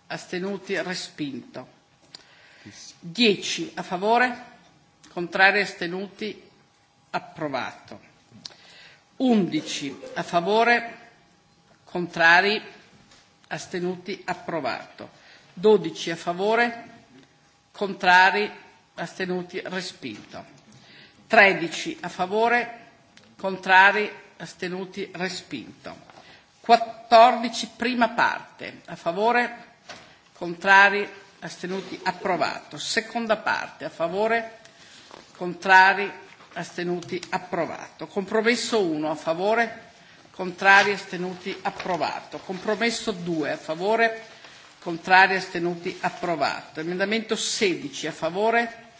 Astenuti? Respinto. 10 a favore? Contrari? Astenuti? Approvato. 11 a favore? Contrari? Astenuti? Approvato. 12 a favore? contrari, astenuti, respinto. 13 a favore, contrari, astenuti, respinto. 14 prima parte, a favore, contrari, astenuti, approvato. Seconda parte, a favore, contrari, astenuti, approvato. Compromesso 1, a favore, contrari, astenuti, approvato. Compromesso 2, a favore, Contrari, astenuti, approvato. Emendamento 16 a favore,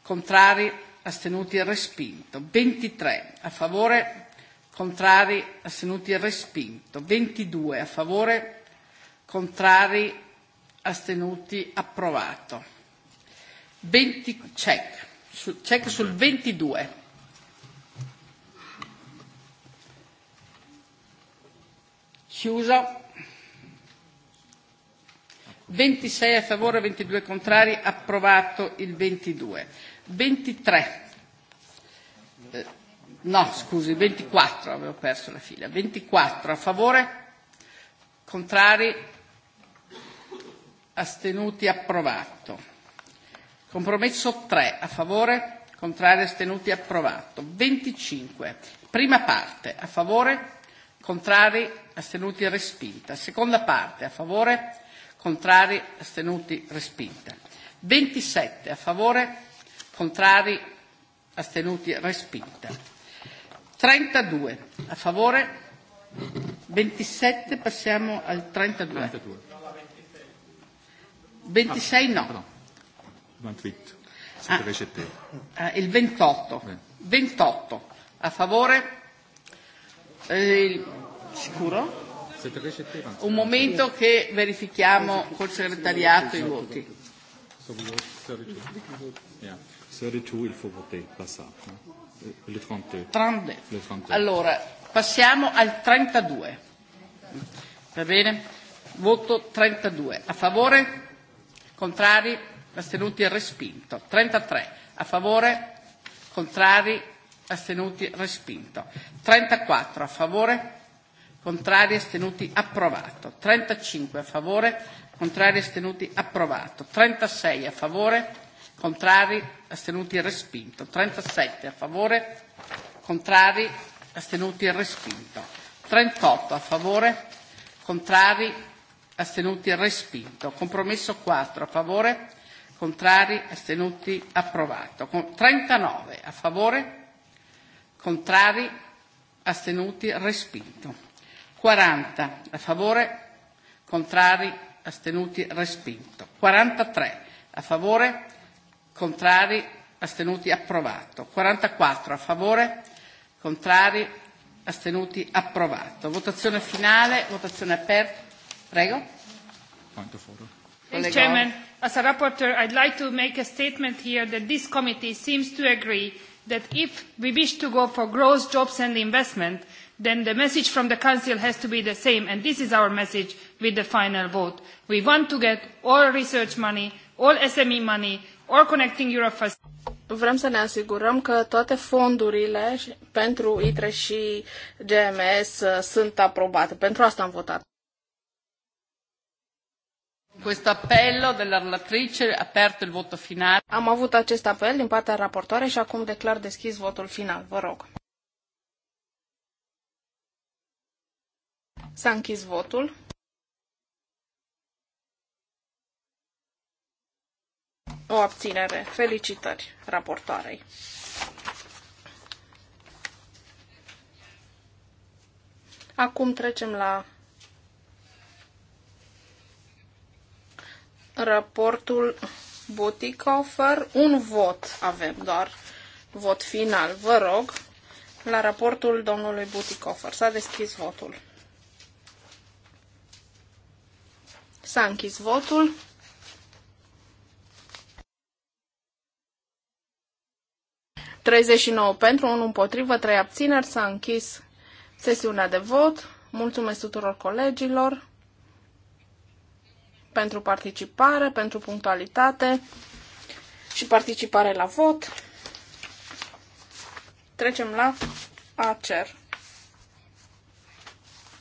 contrari, astenuti, respinto. 23 a favore, contrari, astenuti, respinto. 22 a favore, contrari, astenuti, approvato. 20, check. Su, check sul 22. Chiuso 26 a favore, 22 contrari, approvato il 22. 23. Eh, no, scusi, 24, avevo perso la fila. 24 a favore, contrari, astenuti, approvato. Compromesso 3 a favore, contrari, astenuti, approvato. 25. Prima parte a favore, contrari, astenuti, respinta. Seconda parte a favore, contrari, astenuti, respinta. 27 a favore, contrari, astenuti, respinta. 32 a favore, 27 passiamo al 32. 32. 26 no. 28. Ah, ah, il 28. 28 a favore. Eh, sicuro? Un momento che verifichiamo col segretariato i voti. il Allora, passiamo al 32. Va bene? Voto 32. A favore? Contrari? Astenuti? Respinto. 33. A favore? Contrari? Astenuti? Respinto. 34. A favore? contrari astenuti approvato, 35 a favore, contrari astenuti approvato, 36 a favore, contrari astenuti respinto, 37 a favore, contrari astenuti respinto, 38 a favore, contrari astenuti respinto, compromesso 4 a favore, contrari astenuti approvato, 39 a favore, contrari astenuti respinto. 40 a favore, contrari, astenuti, respinto. 43 a favore, contrari, astenuti, approvato. 44 a favore, contrari, astenuti, approvato. Votazione finale, votazione aperta. Prego. Mr. Chairman, as a rapporteur, I'd like to make a statement here that this committee seems to agree that if we wish to go for growth, jobs and investment, then the message from the Council has to be the same, and this is our message with the final vote. We want to get all research money, all SME money, all Connecting Europe first. Vrem să ne asigurăm că toate fondurile pentru ITRE și GMS uh, sunt aprobate. Pentru asta am votat. Questo appello della relatrice aperto il voto finale. Am avut acest apel din partea raportoare și acum declar deschis votul final. Vă rog. S-a închis votul. O abținere. Felicitări raportoarei. Acum trecem la raportul Butikofer. Un vot avem doar, vot final. Vă rog, la raportul domnului Butikofer. S-a deschis votul. S-a închis votul. Treizeci pentru, unul împotrivă, trei abțineri. S-a închis sesiunea de vot. Mulțumesc tuturor colegilor pentru participare, pentru punctualitate și participare la vot. Trecem la ACER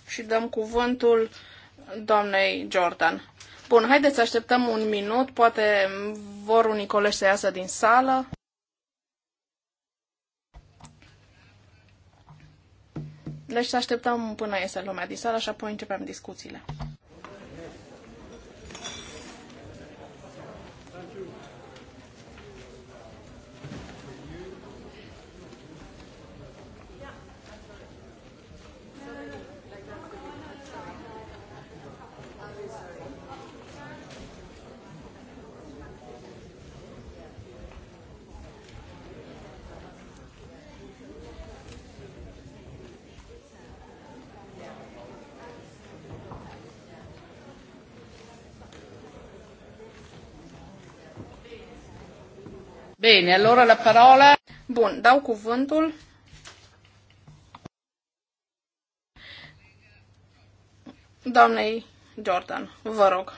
și dăm cuvântul doamnei Jordan. Bun, haideți să așteptăm un minut, poate vor unii colegi să iasă din sală. Deci să așteptăm până iese lumea din sală și apoi începem discuțiile. Bine, allora la parola. Bun, dau cuvântul. Doamnei Jordan, vă rog.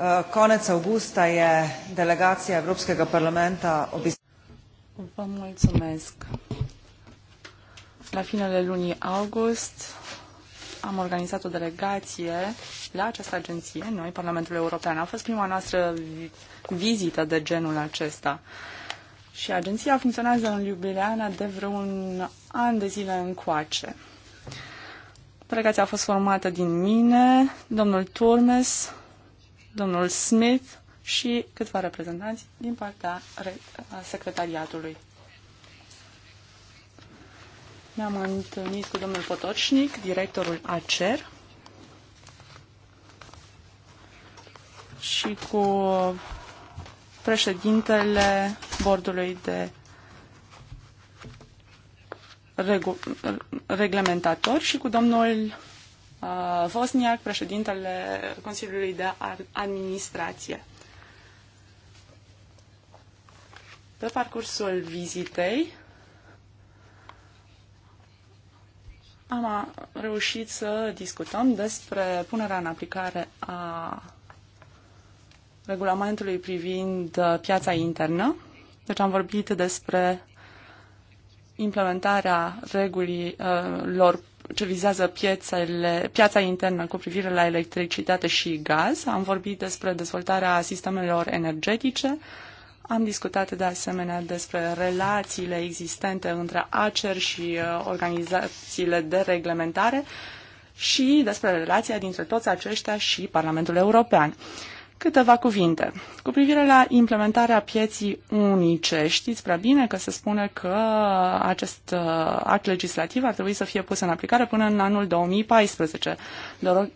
Uh, conec augusta e delegația Europskega parlamenta obis... Vă mulțumesc. La finele lunii august am organizat o delegație la această agenție, noi, Parlamentul European. A fost prima noastră vizită de genul acesta. Uh, și agenția funcționează în Ljubljana de vreun an de zile încoace. Delegația a fost formată din mine, domnul Turmes, domnul Smith și câțiva reprezentanți din partea secretariatului. Ne-am întâlnit cu domnul Potocnic, directorul ACER, și cu președintele bordului de reglementator și cu domnul uh, Vosniac, președintele Consiliului de Administrație. Pe parcursul vizitei am reușit să discutăm despre punerea în aplicare a regulamentului privind uh, piața internă. Deci am vorbit despre implementarea regulilor uh, ce vizează piețele, piața internă cu privire la electricitate și gaz. Am vorbit despre dezvoltarea sistemelor energetice. Am discutat de asemenea despre relațiile existente între ACER și uh, organizațiile de reglementare și despre relația dintre toți aceștia și Parlamentul European. Câteva cuvinte. Cu privire la implementarea pieții unice, știți prea bine că se spune că acest uh, act legislativ ar trebui să fie pus în aplicare până în anul 2014.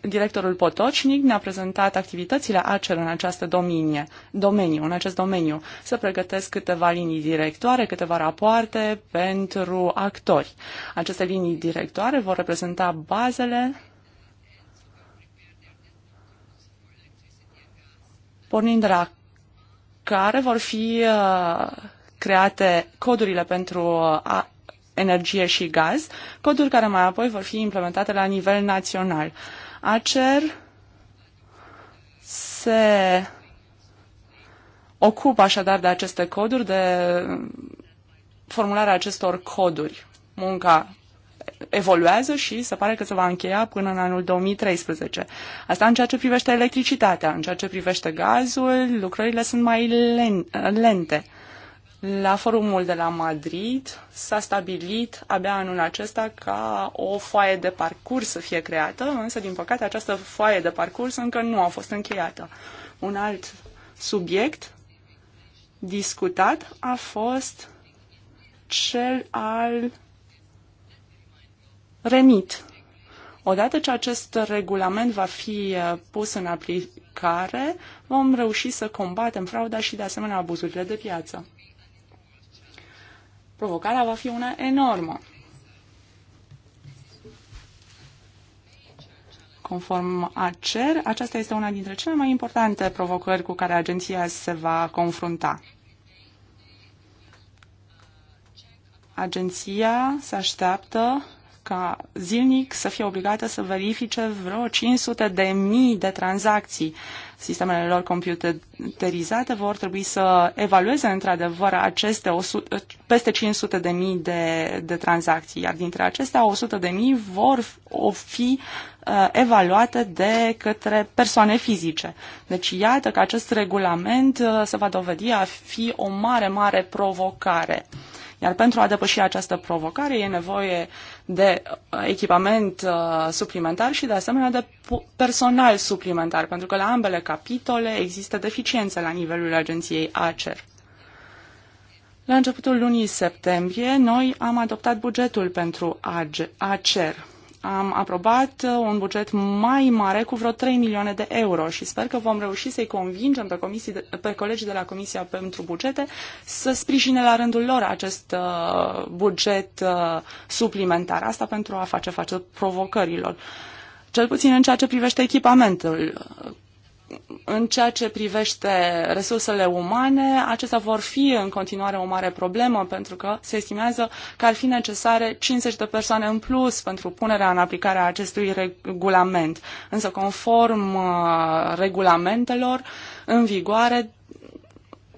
Directorul Potocnic ne-a prezentat activitățile ACER în această dominie, domeniu, în acest domeniu. să pregătesc câteva linii directoare, câteva rapoarte pentru actori. Aceste linii directoare vor reprezenta bazele pornind de la care vor fi uh, create codurile pentru uh, energie și gaz, coduri care mai apoi vor fi implementate la nivel național. ACER se ocupă așadar de aceste coduri, de formularea acestor coduri. Munca evoluează și se pare că se va încheia până în anul 2013. Asta în ceea ce privește electricitatea, în ceea ce privește gazul, lucrările sunt mai lente. La forumul de la Madrid s-a stabilit abia anul acesta ca o foaie de parcurs să fie creată, însă, din păcate, această foaie de parcurs încă nu a fost încheiată. Un alt subiect discutat a fost cel al renit. Odată ce acest regulament va fi uh, pus în aplicare, vom reuși să combatem frauda și, de asemenea, abuzurile de piață. Provocarea va fi una enormă. Conform ACER, aceasta este una dintre cele mai importante provocări cu care agenția se va confrunta. Agenția se așteaptă ca zilnic să fie obligată să verifice vreo 500 de mii de tranzacții. Sistemele lor computerizate vor trebui să evalueze într-adevăr aceste 100, peste 500 de mii de, de tranzacții, iar dintre acestea 100 de mii vor o fi uh, evaluate de către persoane fizice. Deci iată că acest regulament uh, se va dovedi a fi o mare, mare provocare. Iar pentru a depăși această provocare e nevoie uh, de echipament uh, suplimentar și de asemenea de personal suplimentar, pentru că la ambele capitole există deficiențe la nivelul agenției ACER. La începutul lunii septembrie, noi am adoptat bugetul pentru ACER am aprobat uh, un buget mai mare cu vreo 3 milioane de euro și sper că vom reuși să-i convingem pe, comisii de, pe colegii de la Comisia pentru Bugete să sprijine la rândul lor acest uh, buget uh, suplimentar. Asta pentru a face față provocărilor. Cel puțin în ceea ce privește echipamentul în ceea ce privește resursele umane, acestea vor fi în continuare o mare problemă pentru că se estimează că ar fi necesare 50 de persoane în plus pentru punerea în aplicare a acestui regulament. Însă, conform uh, regulamentelor în vigoare,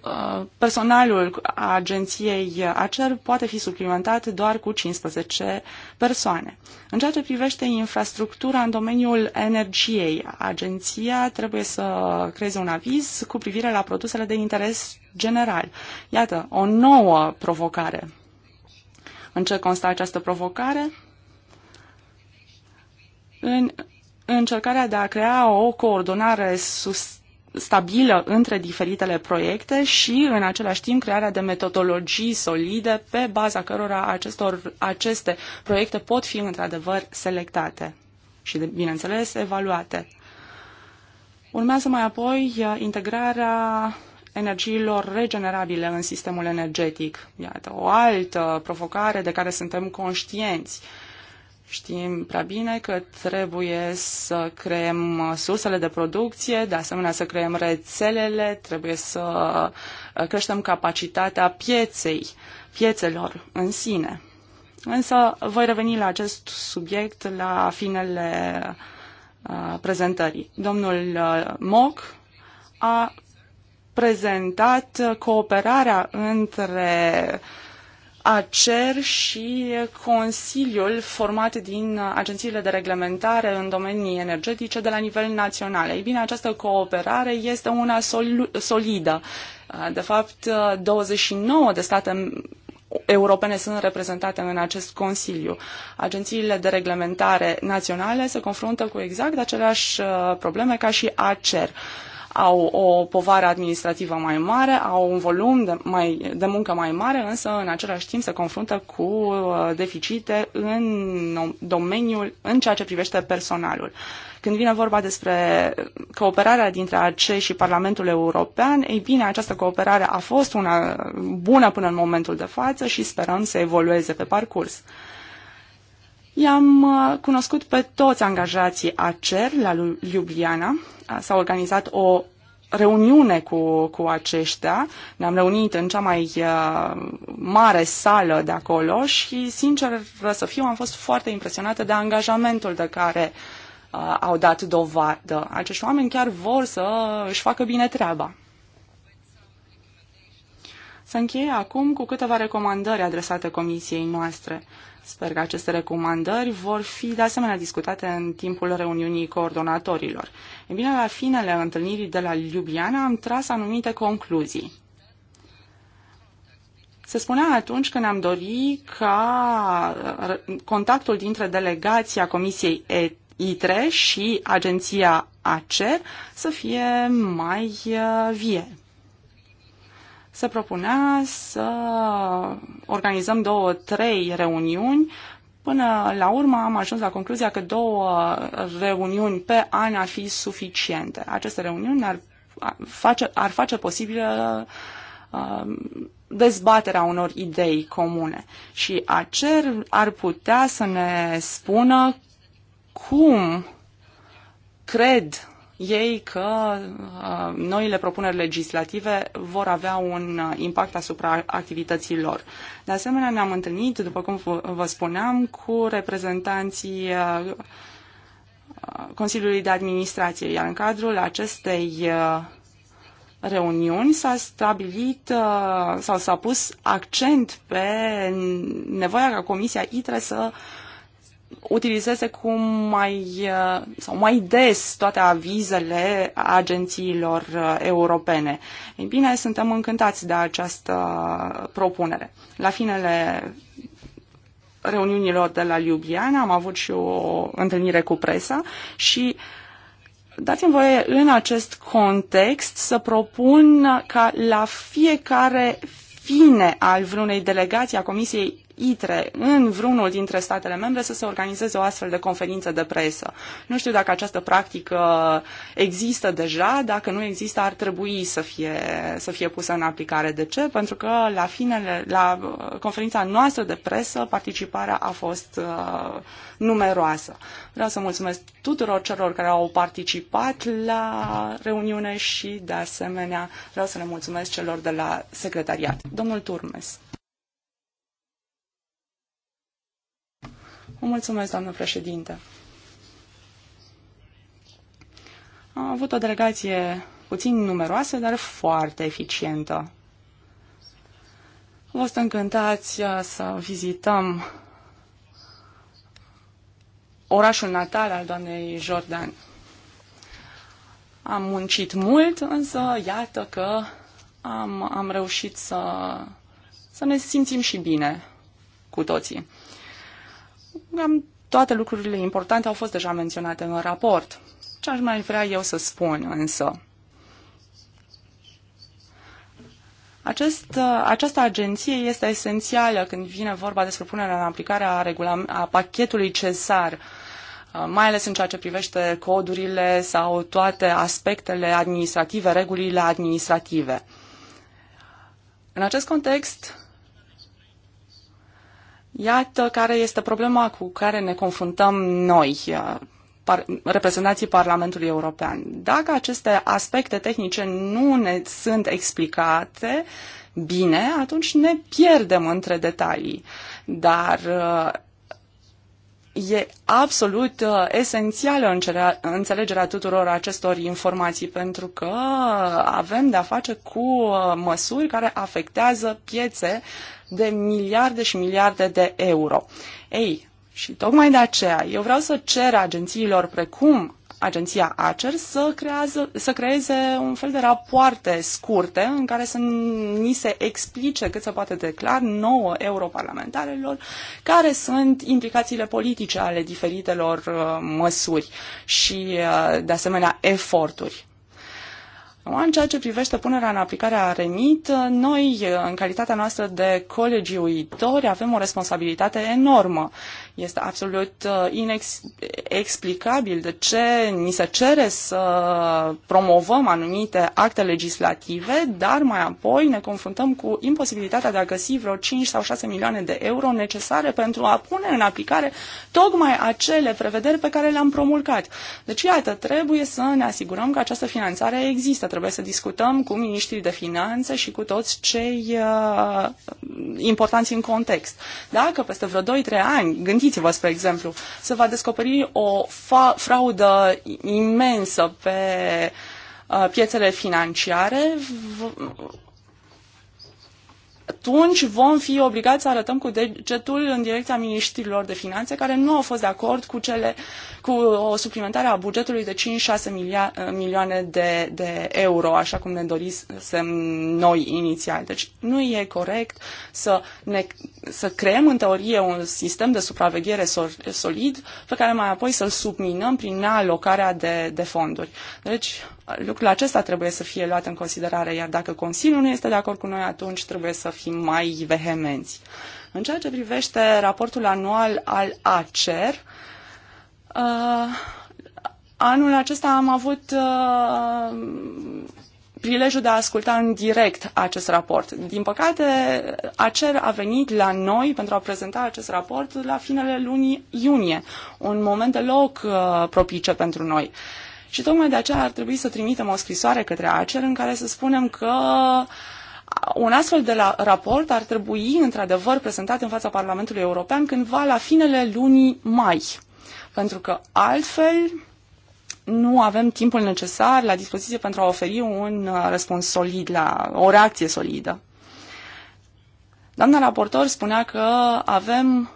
Uh, personalul agenției ACER poate fi suplimentat doar cu 15 persoane. În ceea ce privește infrastructura în domeniul energiei, agenția trebuie să creeze un aviz cu privire la produsele de interes general. Iată, o nouă provocare. În ce constă această provocare? În încercarea de a crea o coordonare susținută stabilă între diferitele proiecte și, în același timp, crearea de metodologii solide pe baza cărora acestor, aceste proiecte pot fi, într-adevăr, selectate și, bineînțeles, evaluate. Urmează mai apoi uh, integrarea energiilor regenerabile în sistemul energetic. Iată, o altă provocare de care suntem conștienți. Uh, Știm prea bine că trebuie să creăm sursele de producție, de asemenea să creăm rețelele, trebuie să creștem capacitatea pieței, piețelor în sine. Însă voi reveni la acest subiect la finele prezentării. Domnul Moc a prezentat cooperarea între uh, ACER și Consiliul format din agențiile de reglementare în domenii energetice de la nivel național. Ei bine, această cooperare este una sol solidă. De fapt, 29 de state europene sunt reprezentate în acest Consiliu. Agențiile de reglementare naționale se confruntă cu exact aceleași uh, probleme ca și ACER. Uh, au o povară administrativă mai mare, au un volum de, mai, de muncă mai mare, însă în același timp se confruntă cu uh, deficite în domeniul, în ceea ce privește personalul. Când vine vorba despre cooperarea dintre ACE și Parlamentul European, ei bine, această cooperare a fost una bună până în momentul de față și sperăm să evolueze pe parcurs. I-am uh, cunoscut pe toți angajații ACER la Ljubljana. S-a organizat o reuniune cu, cu aceștia. Ne-am reunit în cea mai uh, mare sală de acolo și, sincer să fiu, am fost foarte impresionată de angajamentul de care uh, au dat dovadă. Acești oameni chiar vor să își facă bine treaba. Să încheie acum cu câteva recomandări adresate comisiei noastre. Sper că aceste recomandări vor fi de asemenea discutate în timpul reuniunii coordonatorilor. E bine, la finele întâlnirii de la Ljubljana am tras anumite concluzii. Se spunea atunci că ne-am dorit ca uh, contactul dintre delegația Comisiei ITRE și agenția ACER să fie mai uh, vie se propunea să organizăm două, trei reuniuni. Până la urmă am ajuns la concluzia că două reuniuni pe an ar fi suficiente. Aceste reuniuni ar face, ar face posibilă dezbaterea unor idei comune și acer ar putea să ne spună cum cred ei că uh, noile propuneri legislative vor avea un uh, impact asupra activității lor. De asemenea, ne-am întâlnit, după cum vă spuneam, cu reprezentanții uh, Consiliului de Administrație, iar în cadrul acestei reuniuni s-a stabilit sau s-a pus accent pe nevoia ca Comisia ITRE să uh, utilizeze cum mai, uh, sau mai des toate avizele agențiilor uh, europene. Ei bine, suntem încântați de această propunere. La finele reuniunilor de la Ljubljana am avut și o întâlnire cu presa și dați-mi voie în acest context să propun ca la fiecare fine al vreunei delegații a Comisiei intre în vreunul dintre statele membre să se organizeze o astfel de conferință de presă. Nu știu dacă această practică există deja, dacă nu există ar trebui să fie, să fie pusă în aplicare. De ce? Pentru că la finele, la uh, conferința noastră de presă participarea a fost uh, numeroasă. Vreau să mulțumesc tuturor celor care au participat la reuniune și, de asemenea, vreau să le mulțumesc celor de la secretariat. Domnul Turmes. Vă mulțumesc, doamnă președinte. Am avut o delegație puțin numeroasă, dar foarte eficientă. Am fost încântați uh, să vizităm orașul natal al doamnei Jordan. Am muncit mult, însă iată că am, am reușit să, să ne simțim și bine cu toții. Am, toate lucrurile importante au fost deja menționate în raport. Ce aș mai vrea eu să spun însă? Acest, această agenție este esențială când vine vorba despre punerea în aplicare a, a pachetului CESAR, mai ales în ceea ce privește codurile sau toate aspectele administrative, regulile administrative. În acest context, Iată care este problema cu care ne confruntăm noi, uh, par, reprezentanții Parlamentului European. Dacă aceste aspecte tehnice nu ne sunt explicate bine, atunci ne pierdem între detalii. Dar uh, e absolut uh, esențială înțelegerea tuturor acestor informații, pentru că avem de-a face cu măsuri care afectează piețe de miliarde și miliarde de euro. Ei, și tocmai de aceea eu vreau să cer agențiilor precum agenția ACER să, creează, să creeze un fel de rapoarte scurte în care să ni se explice cât se poate declar nouă europarlamentarilor care sunt implicațiile politice ale diferitelor uh, măsuri și uh, de asemenea eforturi. În ceea ce privește punerea în aplicare a REMIT, noi, în calitatea noastră de uitori, avem o responsabilitate enormă. Este absolut uh, inexplicabil de ce ni se cere să promovăm anumite acte legislative, dar mai apoi ne confruntăm cu imposibilitatea de a găsi vreo 5 sau 6 milioane de euro necesare pentru a pune în aplicare tocmai acele prevederi pe care le-am promulgat. Deci, iată, trebuie să ne asigurăm că această finanțare există. Trebuie să discutăm cu ministrii de finanțe și cu toți cei uh, importanți în context. Dacă peste vreo 2-3 ani, gândiți Gândiți-vă, spre exemplu, se va descoperi o fraudă imensă pe uh, piețele financiare, atunci vom fi obligați să arătăm cu degetul în direcția ministrilor de finanțe care nu au fost de acord cu, cele, cu o suplimentare a bugetului de 5-6 eh, milioane de, de euro, așa cum ne dorisem noi inițial. Deci nu e corect să, ne, să creăm în teorie un sistem de supraveghere solid pe care mai apoi să-l subminăm prin alocarea de, de fonduri. Deci Lucrul acesta trebuie să fie luat în considerare, iar dacă Consiliul nu este de acord cu noi, atunci trebuie să fim mai vehemenți. În ceea ce privește raportul anual al ACER, uh, anul acesta am avut uh, prilejul de a asculta în direct acest raport. Din păcate, ACER a venit la noi pentru a prezenta acest raport la finele lunii iunie, un moment deloc uh, propice pentru noi. Uh, și tocmai de aceea ar trebui să trimitem o scrisoare către ACER în care să spunem că un astfel de la, raport ar trebui, într-adevăr, prezentat în fața Parlamentului European cândva la finele lunii mai. Pentru că altfel nu avem timpul necesar la dispoziție pentru a oferi un uh, răspuns solid, la o reacție solidă. Doamna raportor spunea că avem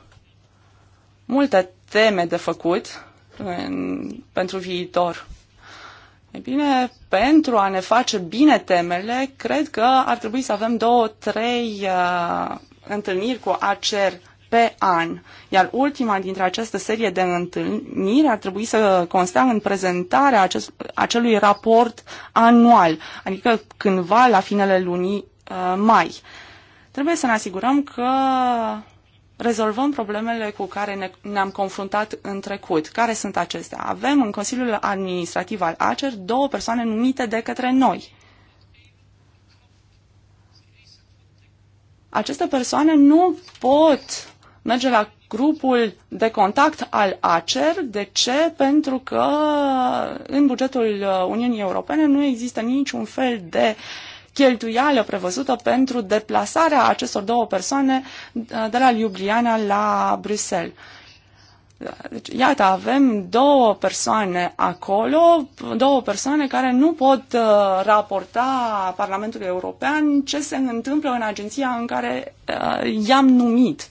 multe teme de făcut în, pentru viitor. Ei bine, pentru a ne face bine temele, cred că ar trebui să avem două, trei uh, întâlniri cu ACER pe an. Iar ultima dintre această serie de întâlniri ar trebui să constea în prezentarea acest, acelui raport anual, adică cândva la finele lunii uh, mai. Trebuie să ne asigurăm că rezolvăm problemele cu care ne, am confruntat în trecut. Care sunt acestea? Avem în Consiliul Administrativ al ACER două persoane numite de către noi. Aceste persoane nu pot merge la grupul de contact al ACER. De ce? Pentru că în bugetul Uniunii Europene nu există niciun fel de uh, cheltuială prevăzută pentru deplasarea acestor două persoane uh, de la Ljubljana la Bruxelles. Deci, iată, avem două persoane acolo, două persoane care nu pot uh, raporta Parlamentului European ce se întâmplă în agenția în care uh, i-am numit.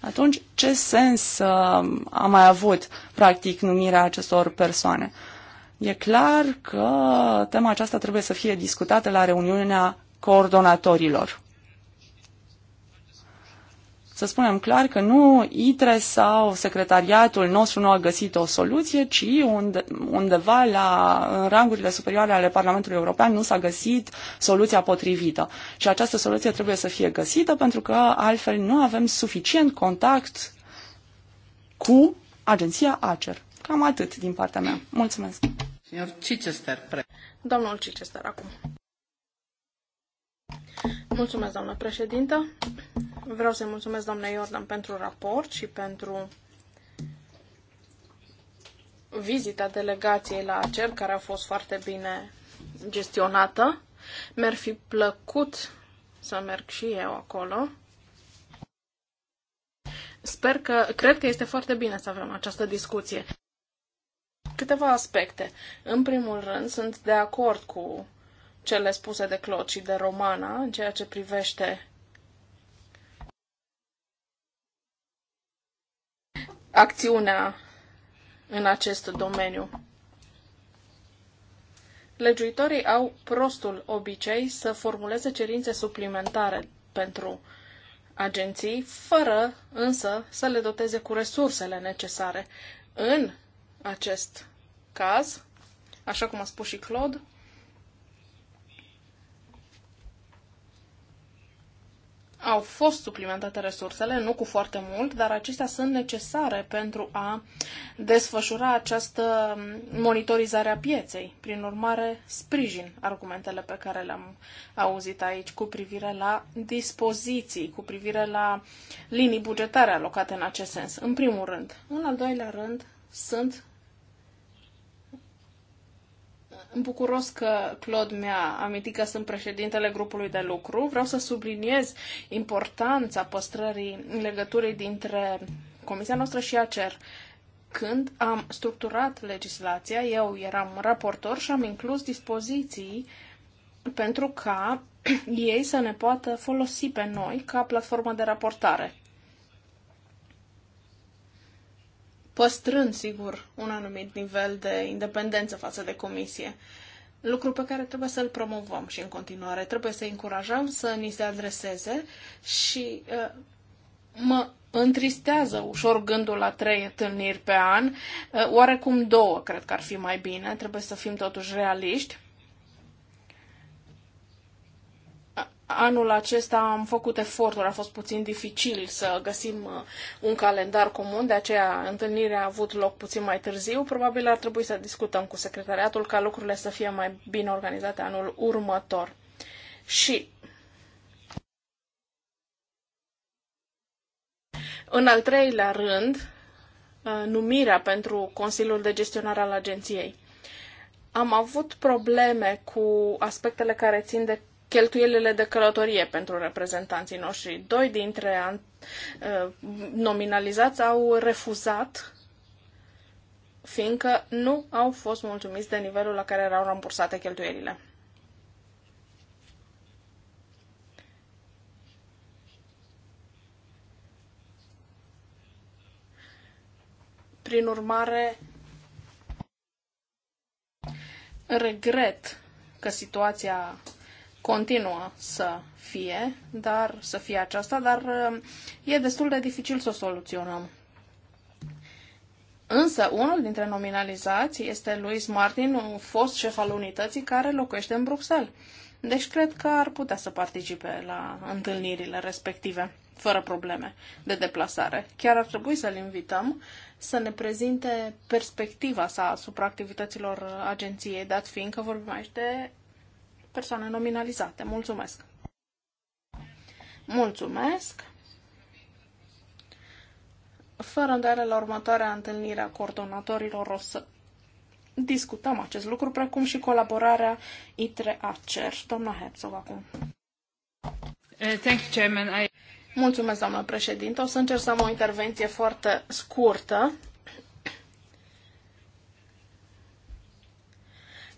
Atunci, ce sens uh, a mai avut, practic, numirea acestor persoane? Uh, E clar că tema aceasta trebuie să fie discutată la reuniunea coordonatorilor. Să spunem clar că nu ITRE sau secretariatul nostru nu a găsit o soluție, ci unde, undeva la în rangurile superioare ale Parlamentului European nu s-a găsit soluția potrivită. Și această soluție trebuie să fie găsită pentru că altfel nu avem suficient contact cu agenția ACER. Cam atât din partea mea. Mulțumesc. Signor Cicester, pre. Domnul Cicester, acum. Mulțumesc, doamnă președintă. Vreau să-i mulțumesc doamnei Jordan pentru raport și pentru vizita delegației la ACER, care a fost foarte bine gestionată. Mi-ar fi plăcut să merg și eu acolo. Sper că, cred că este foarte bine să avem această discuție. Câteva aspecte. În primul rând, sunt de acord cu cele spuse de Claude și de Romana în ceea ce privește acțiunea în acest domeniu. Legiuitorii au prostul obicei să formuleze cerințe suplimentare pentru agenții, fără însă să le doteze cu resursele necesare. În acest caz, așa cum a spus și Claude, au fost suplimentate resursele, nu cu foarte mult, dar acestea sunt necesare pentru a desfășura această monitorizare a pieței. Prin urmare, sprijin argumentele pe care le-am auzit aici cu privire la dispoziții, cu privire la linii bugetare alocate în acest sens, în primul rând. În al doilea rând, sunt bucuros că Claude mi-a amintit că sunt președintele grupului de lucru. Vreau să subliniez importanța păstrării legăturii dintre Comisia noastră și ACER. Când am structurat legislația, eu eram raportor și am inclus dispoziții pentru ca (clears throat) ei să ne poată folosi pe noi ca platformă de raportare. păstrând, sigur, un anumit nivel de independență față de comisie. Lucru pe care trebuie să-l promovăm și în continuare. Trebuie să încurajăm să ni se adreseze și uh, mă întristează ușor gândul la trei întâlniri pe an, uh, oarecum două cred că ar fi mai bine, trebuie să fim totuși realiști. Anul acesta am făcut eforturi, a fost puțin dificil să găsim uh, un calendar comun, de aceea întâlnirea a avut loc puțin mai târziu. Probabil ar trebui să discutăm cu secretariatul ca lucrurile să fie mai bine organizate anul următor. Și în al treilea rând, uh, numirea pentru Consiliul de Gestionare al Agenției. Am avut probleme cu aspectele care țin de cheltuielile de călătorie pentru reprezentanții noștri. Doi dintre uh, nominalizați au refuzat fiindcă nu au fost mulțumiți de nivelul la care erau rambursate cheltuielile. Prin urmare, regret că situația continuă să fie, dar să fie aceasta, dar uh, e destul de dificil să o soluționăm. Însă, unul dintre nominalizați este Louis Martin, un fost șef al unității care locuiește în Bruxelles. Deci cred că ar putea să participe la întâlnirile respective, fără probleme de deplasare. Chiar ar trebui să-l invităm să ne prezinte perspectiva sa asupra activităților agenției, dat fiind că vorbim aici de persoane nominalizate. Mulțumesc! Mulțumesc! Fără îndoială, la următoarea întâlnire a coordonatorilor o să discutăm acest lucru, precum și colaborarea între acer Doamna Herzog, acum. Uh, thank you, Chairman. I... Mulțumesc, doamnă președinte. O să încerc să am o intervenție foarte scurtă.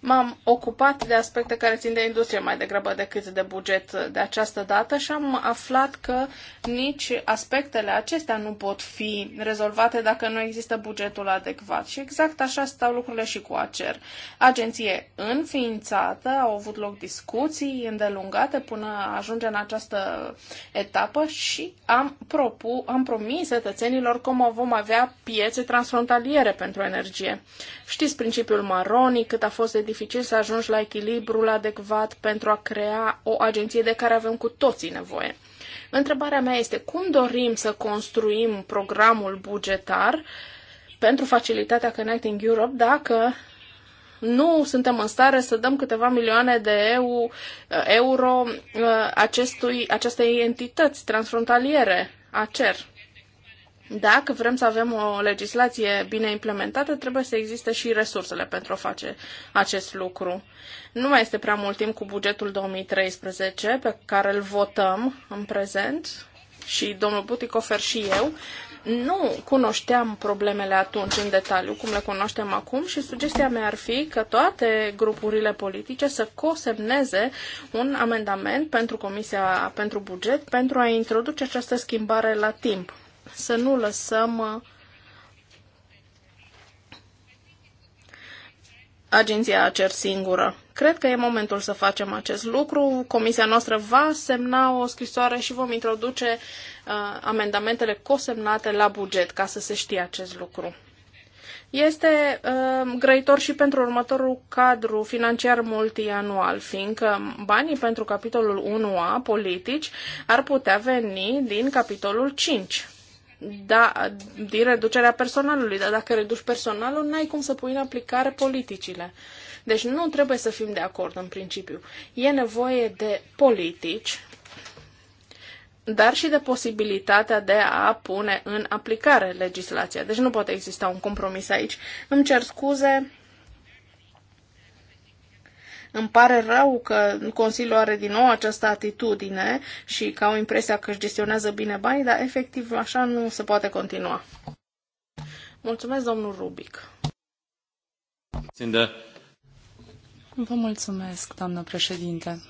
m-am ocupat de aspecte care țin de industrie mai degrabă decât de buget de această dată și am aflat că nici aspectele acestea nu pot fi rezolvate dacă nu există bugetul adecvat. Și exact așa stau lucrurile și cu ACER. Agenție înființată, au avut loc discuții îndelungate până ajunge în această etapă și am, propu, am promis cetățenilor cum o vom avea piețe transfrontaliere pentru energie. Știți principiul Maroni, cât a fost de dificil să ajungi la echilibrul adecvat pentru a crea o agenție de care avem cu toții nevoie. Întrebarea mea este cum dorim să construim programul bugetar pentru facilitatea Connecting Europe dacă nu suntem în stare să dăm câteva milioane de eu, euro uh, acestui, acestei entități transfrontaliere, ACER. Dacă vrem să avem o legislație bine implementată, trebuie să existe și resursele pentru a face acest lucru. Nu mai este prea mult timp cu bugetul 2013 pe care îl votăm în prezent și domnul Buticofer și eu nu cunoșteam problemele atunci în detaliu, cum le cunoaștem acum și sugestia mea ar fi că toate grupurile politice să cosemneze un amendament pentru Comisia pentru Buget pentru a introduce această schimbare la timp să nu lăsăm uh, agenția ACER singură. Cred că e momentul să facem acest lucru. Comisia noastră va semna o scrisoare și vom introduce uh, amendamentele cosemnate la buget ca să se știe acest lucru. Este uh, grăitor și pentru următorul cadru financiar multianual, fiindcă banii pentru capitolul 1A politici ar putea veni din capitolul 5 da, din reducerea personalului, dar dacă reduci personalul, n-ai cum să pui în aplicare politicile. Deci nu trebuie să fim de acord în principiu. E nevoie de politici, dar și de posibilitatea de a pune în aplicare legislația. Deci nu poate exista un compromis aici. Îmi cer scuze îmi pare rău că Consiliul are din nou această atitudine și că au impresia că își gestionează bine banii, dar efectiv așa nu se poate continua. Mulțumesc, domnul Rubic. Sinde. Vă mulțumesc, doamnă președinte.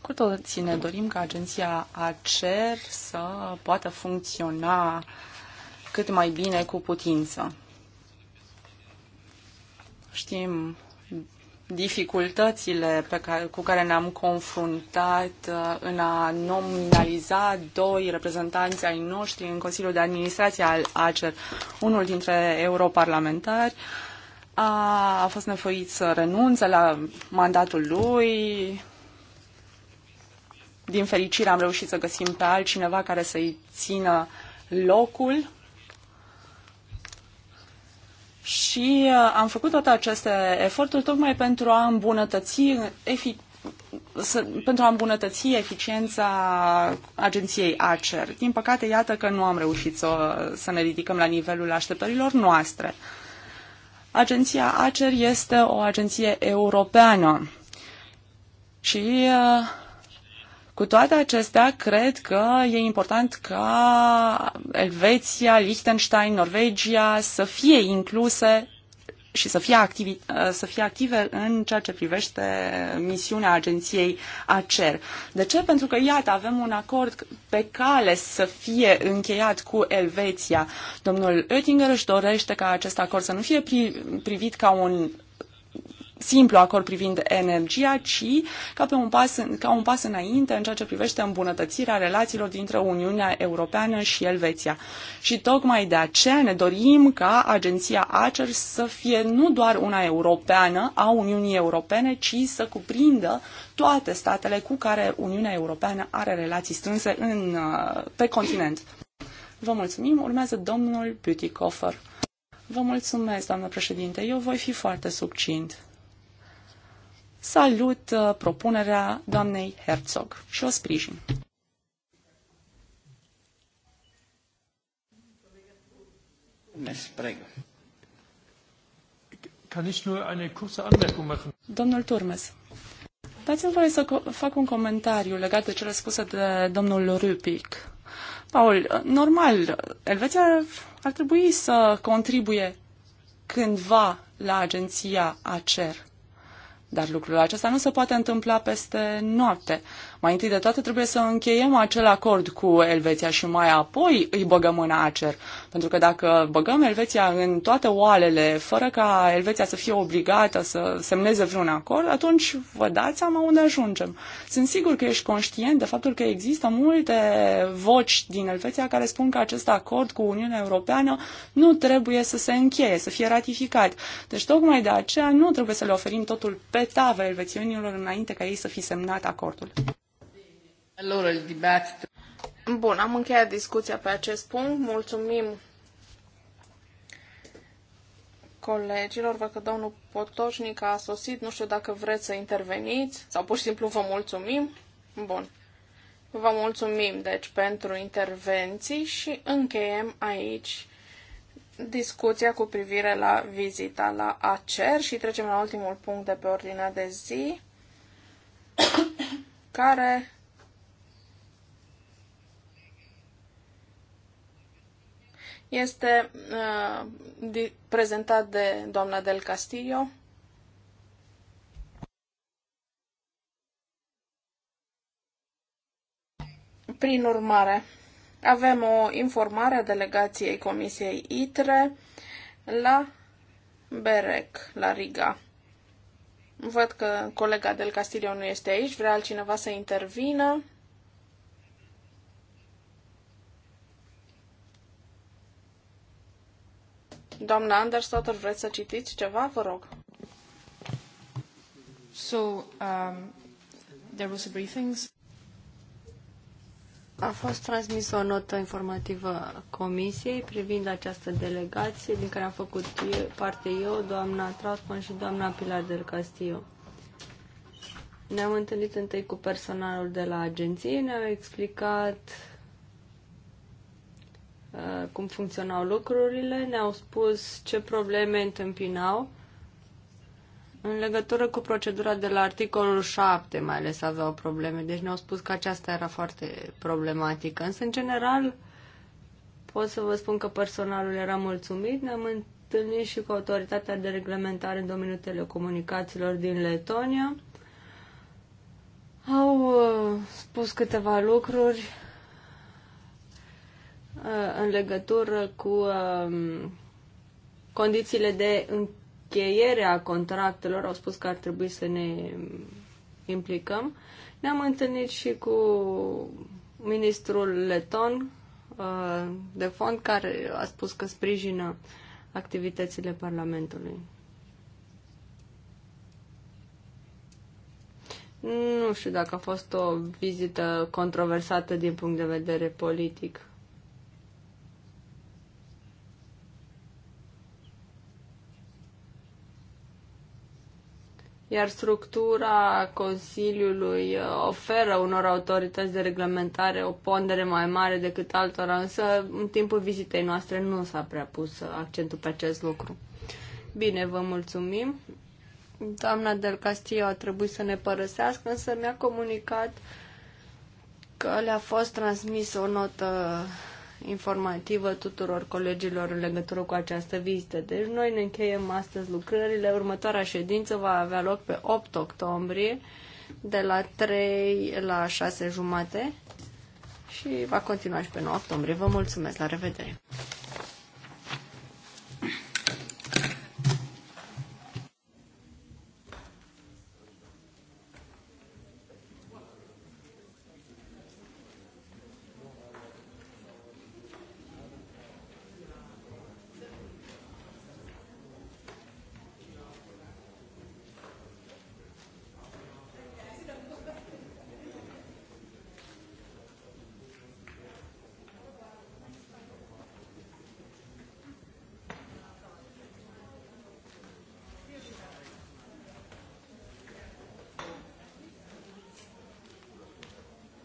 Cu toții ne dorim ca agenția ACER să poată funcționa cât mai bine cu putință. Știm dificultățile pe care, cu care ne-am confruntat uh, în a nominaliza doi reprezentanți ai noștri în Consiliul de Administrație al ACER, unul dintre europarlamentari, a, a fost nevoit să renunțe la mandatul lui. Din fericire am reușit să găsim pe altcineva care să-i țină locul și uh, am făcut toate aceste eforturi tocmai pentru a îmbunătăți efic- să, pentru a îmbunătăți eficiența agenției ACER. Din păcate, iată că nu am reușit să, să ne ridicăm la nivelul așteptărilor noastre. Agenția ACER este o agenție europeană și uh, cu toate acestea, cred că e important ca Elveția, Liechtenstein, Norvegia să fie incluse și să fie, activi, să fie active în ceea ce privește misiunea agenției ACER. De ce? Pentru că, iată, avem un acord pe cale să fie încheiat cu Elveția. Domnul Oettinger își dorește ca acest acord să nu fie pri, privit ca un simplu acord privind energia, ci ca, pe un pas, ca un pas înainte în ceea ce privește îmbunătățirea relațiilor dintre Uniunea Europeană și Elveția. Și tocmai de aceea ne dorim ca agenția ACER să fie nu doar una europeană a Uniunii Europene, ci să cuprindă toate statele cu care Uniunea Europeană are relații strânse în, uh, pe continent. Vă mulțumim. Urmează domnul Coffer. Vă mulțumesc, doamnă președinte. Eu voi fi foarte succint salut uh, propunerea doamnei Herzog și o sprijin. Domnul Turmes, dați-mi voie să fac un comentariu legat de cele spuse de domnul Rupic. Paul, normal, Elveția ar trebui să contribuie cândva la agenția ACER. Dar lucrul acesta nu se poate întâmpla peste noapte. Mai întâi de toate trebuie să încheiem acel acord cu Elveția și mai apoi îi băgăm în acer. Pentru că dacă băgăm Elveția în toate oalele, fără ca Elveția să fie obligată să semneze vreun acord, atunci vă dați seama unde ajungem. Sunt sigur că ești conștient de faptul că există multe voci din Elveția care spun că acest acord cu Uniunea Europeană nu trebuie să se încheie, să fie ratificat. Deci tocmai de aceea nu trebuie să le oferim totul pe tavă elvețienilor înainte ca ei să fi semnat acordul. Allora, il dibattito... Bun, am încheiat discuția pe acest punct. Mulțumim colegilor. Văd că domnul Potoșnic a sosit. Nu știu dacă vreți să interveniți sau pur și simplu vă mulțumim. Bun. Vă mulțumim, deci, pentru intervenții și încheiem aici discuția cu privire la vizita la ACER și trecem la ultimul punct de pe ordinea de zi, (coughs) care este uh, prezentat de doamna Del Castillo. Prin urmare, avem o informare a delegației Comisiei ITRE la Berec, la Riga. Văd că colega del Castillo nu este aici. Vrea altcineva să intervină? Doamna Andersdotter, vreți să citiți ceva? Vă rog. So, um, there was a briefing. A fost transmisă o notă informativă comisiei privind această delegație din care am făcut parte eu, doamna Trautmann și doamna Pilar del Castillo. Ne-am întâlnit întâi cu personalul de la agenție, ne-au explicat uh, Uh, cum funcționau lucrurile, ne-au spus ce probleme întâmpinau în legătură cu procedura de la articolul 7, mai ales aveau probleme, deci ne-au spus că aceasta era foarte problematică. Însă, în general, pot să vă spun că personalul era mulțumit. Ne-am întâlnit și cu autoritatea de reglementare în domeniul telecomunicațiilor din Letonia. Au uh, spus câteva lucruri Uh, în legătură cu um, condițiile de încheiere a contractelor, au spus că ar trebui să ne implicăm. Ne-am întâlnit și cu ministrul leton uh, de fond care a spus că sprijină activitățile Parlamentului. Nu știu dacă a fost o vizită controversată din punct de vedere politic. iar structura Consiliului uh, oferă unor autorități de reglementare o pondere mai mare decât altora, însă în timpul vizitei noastre nu s-a prea pus uh, accentul pe acest lucru. Bine, vă mulțumim. Doamna Del Castillo a trebuit să ne părăsească, însă mi-a comunicat că le-a fost transmisă o notă informativă tuturor colegilor în legătură cu această vizită. Deci noi ne încheiem astăzi lucrările. Următoarea ședință va avea loc pe 8 octombrie de la 3 la 6 jumate și va continua și pe 9 octombrie. Vă mulțumesc, la revedere!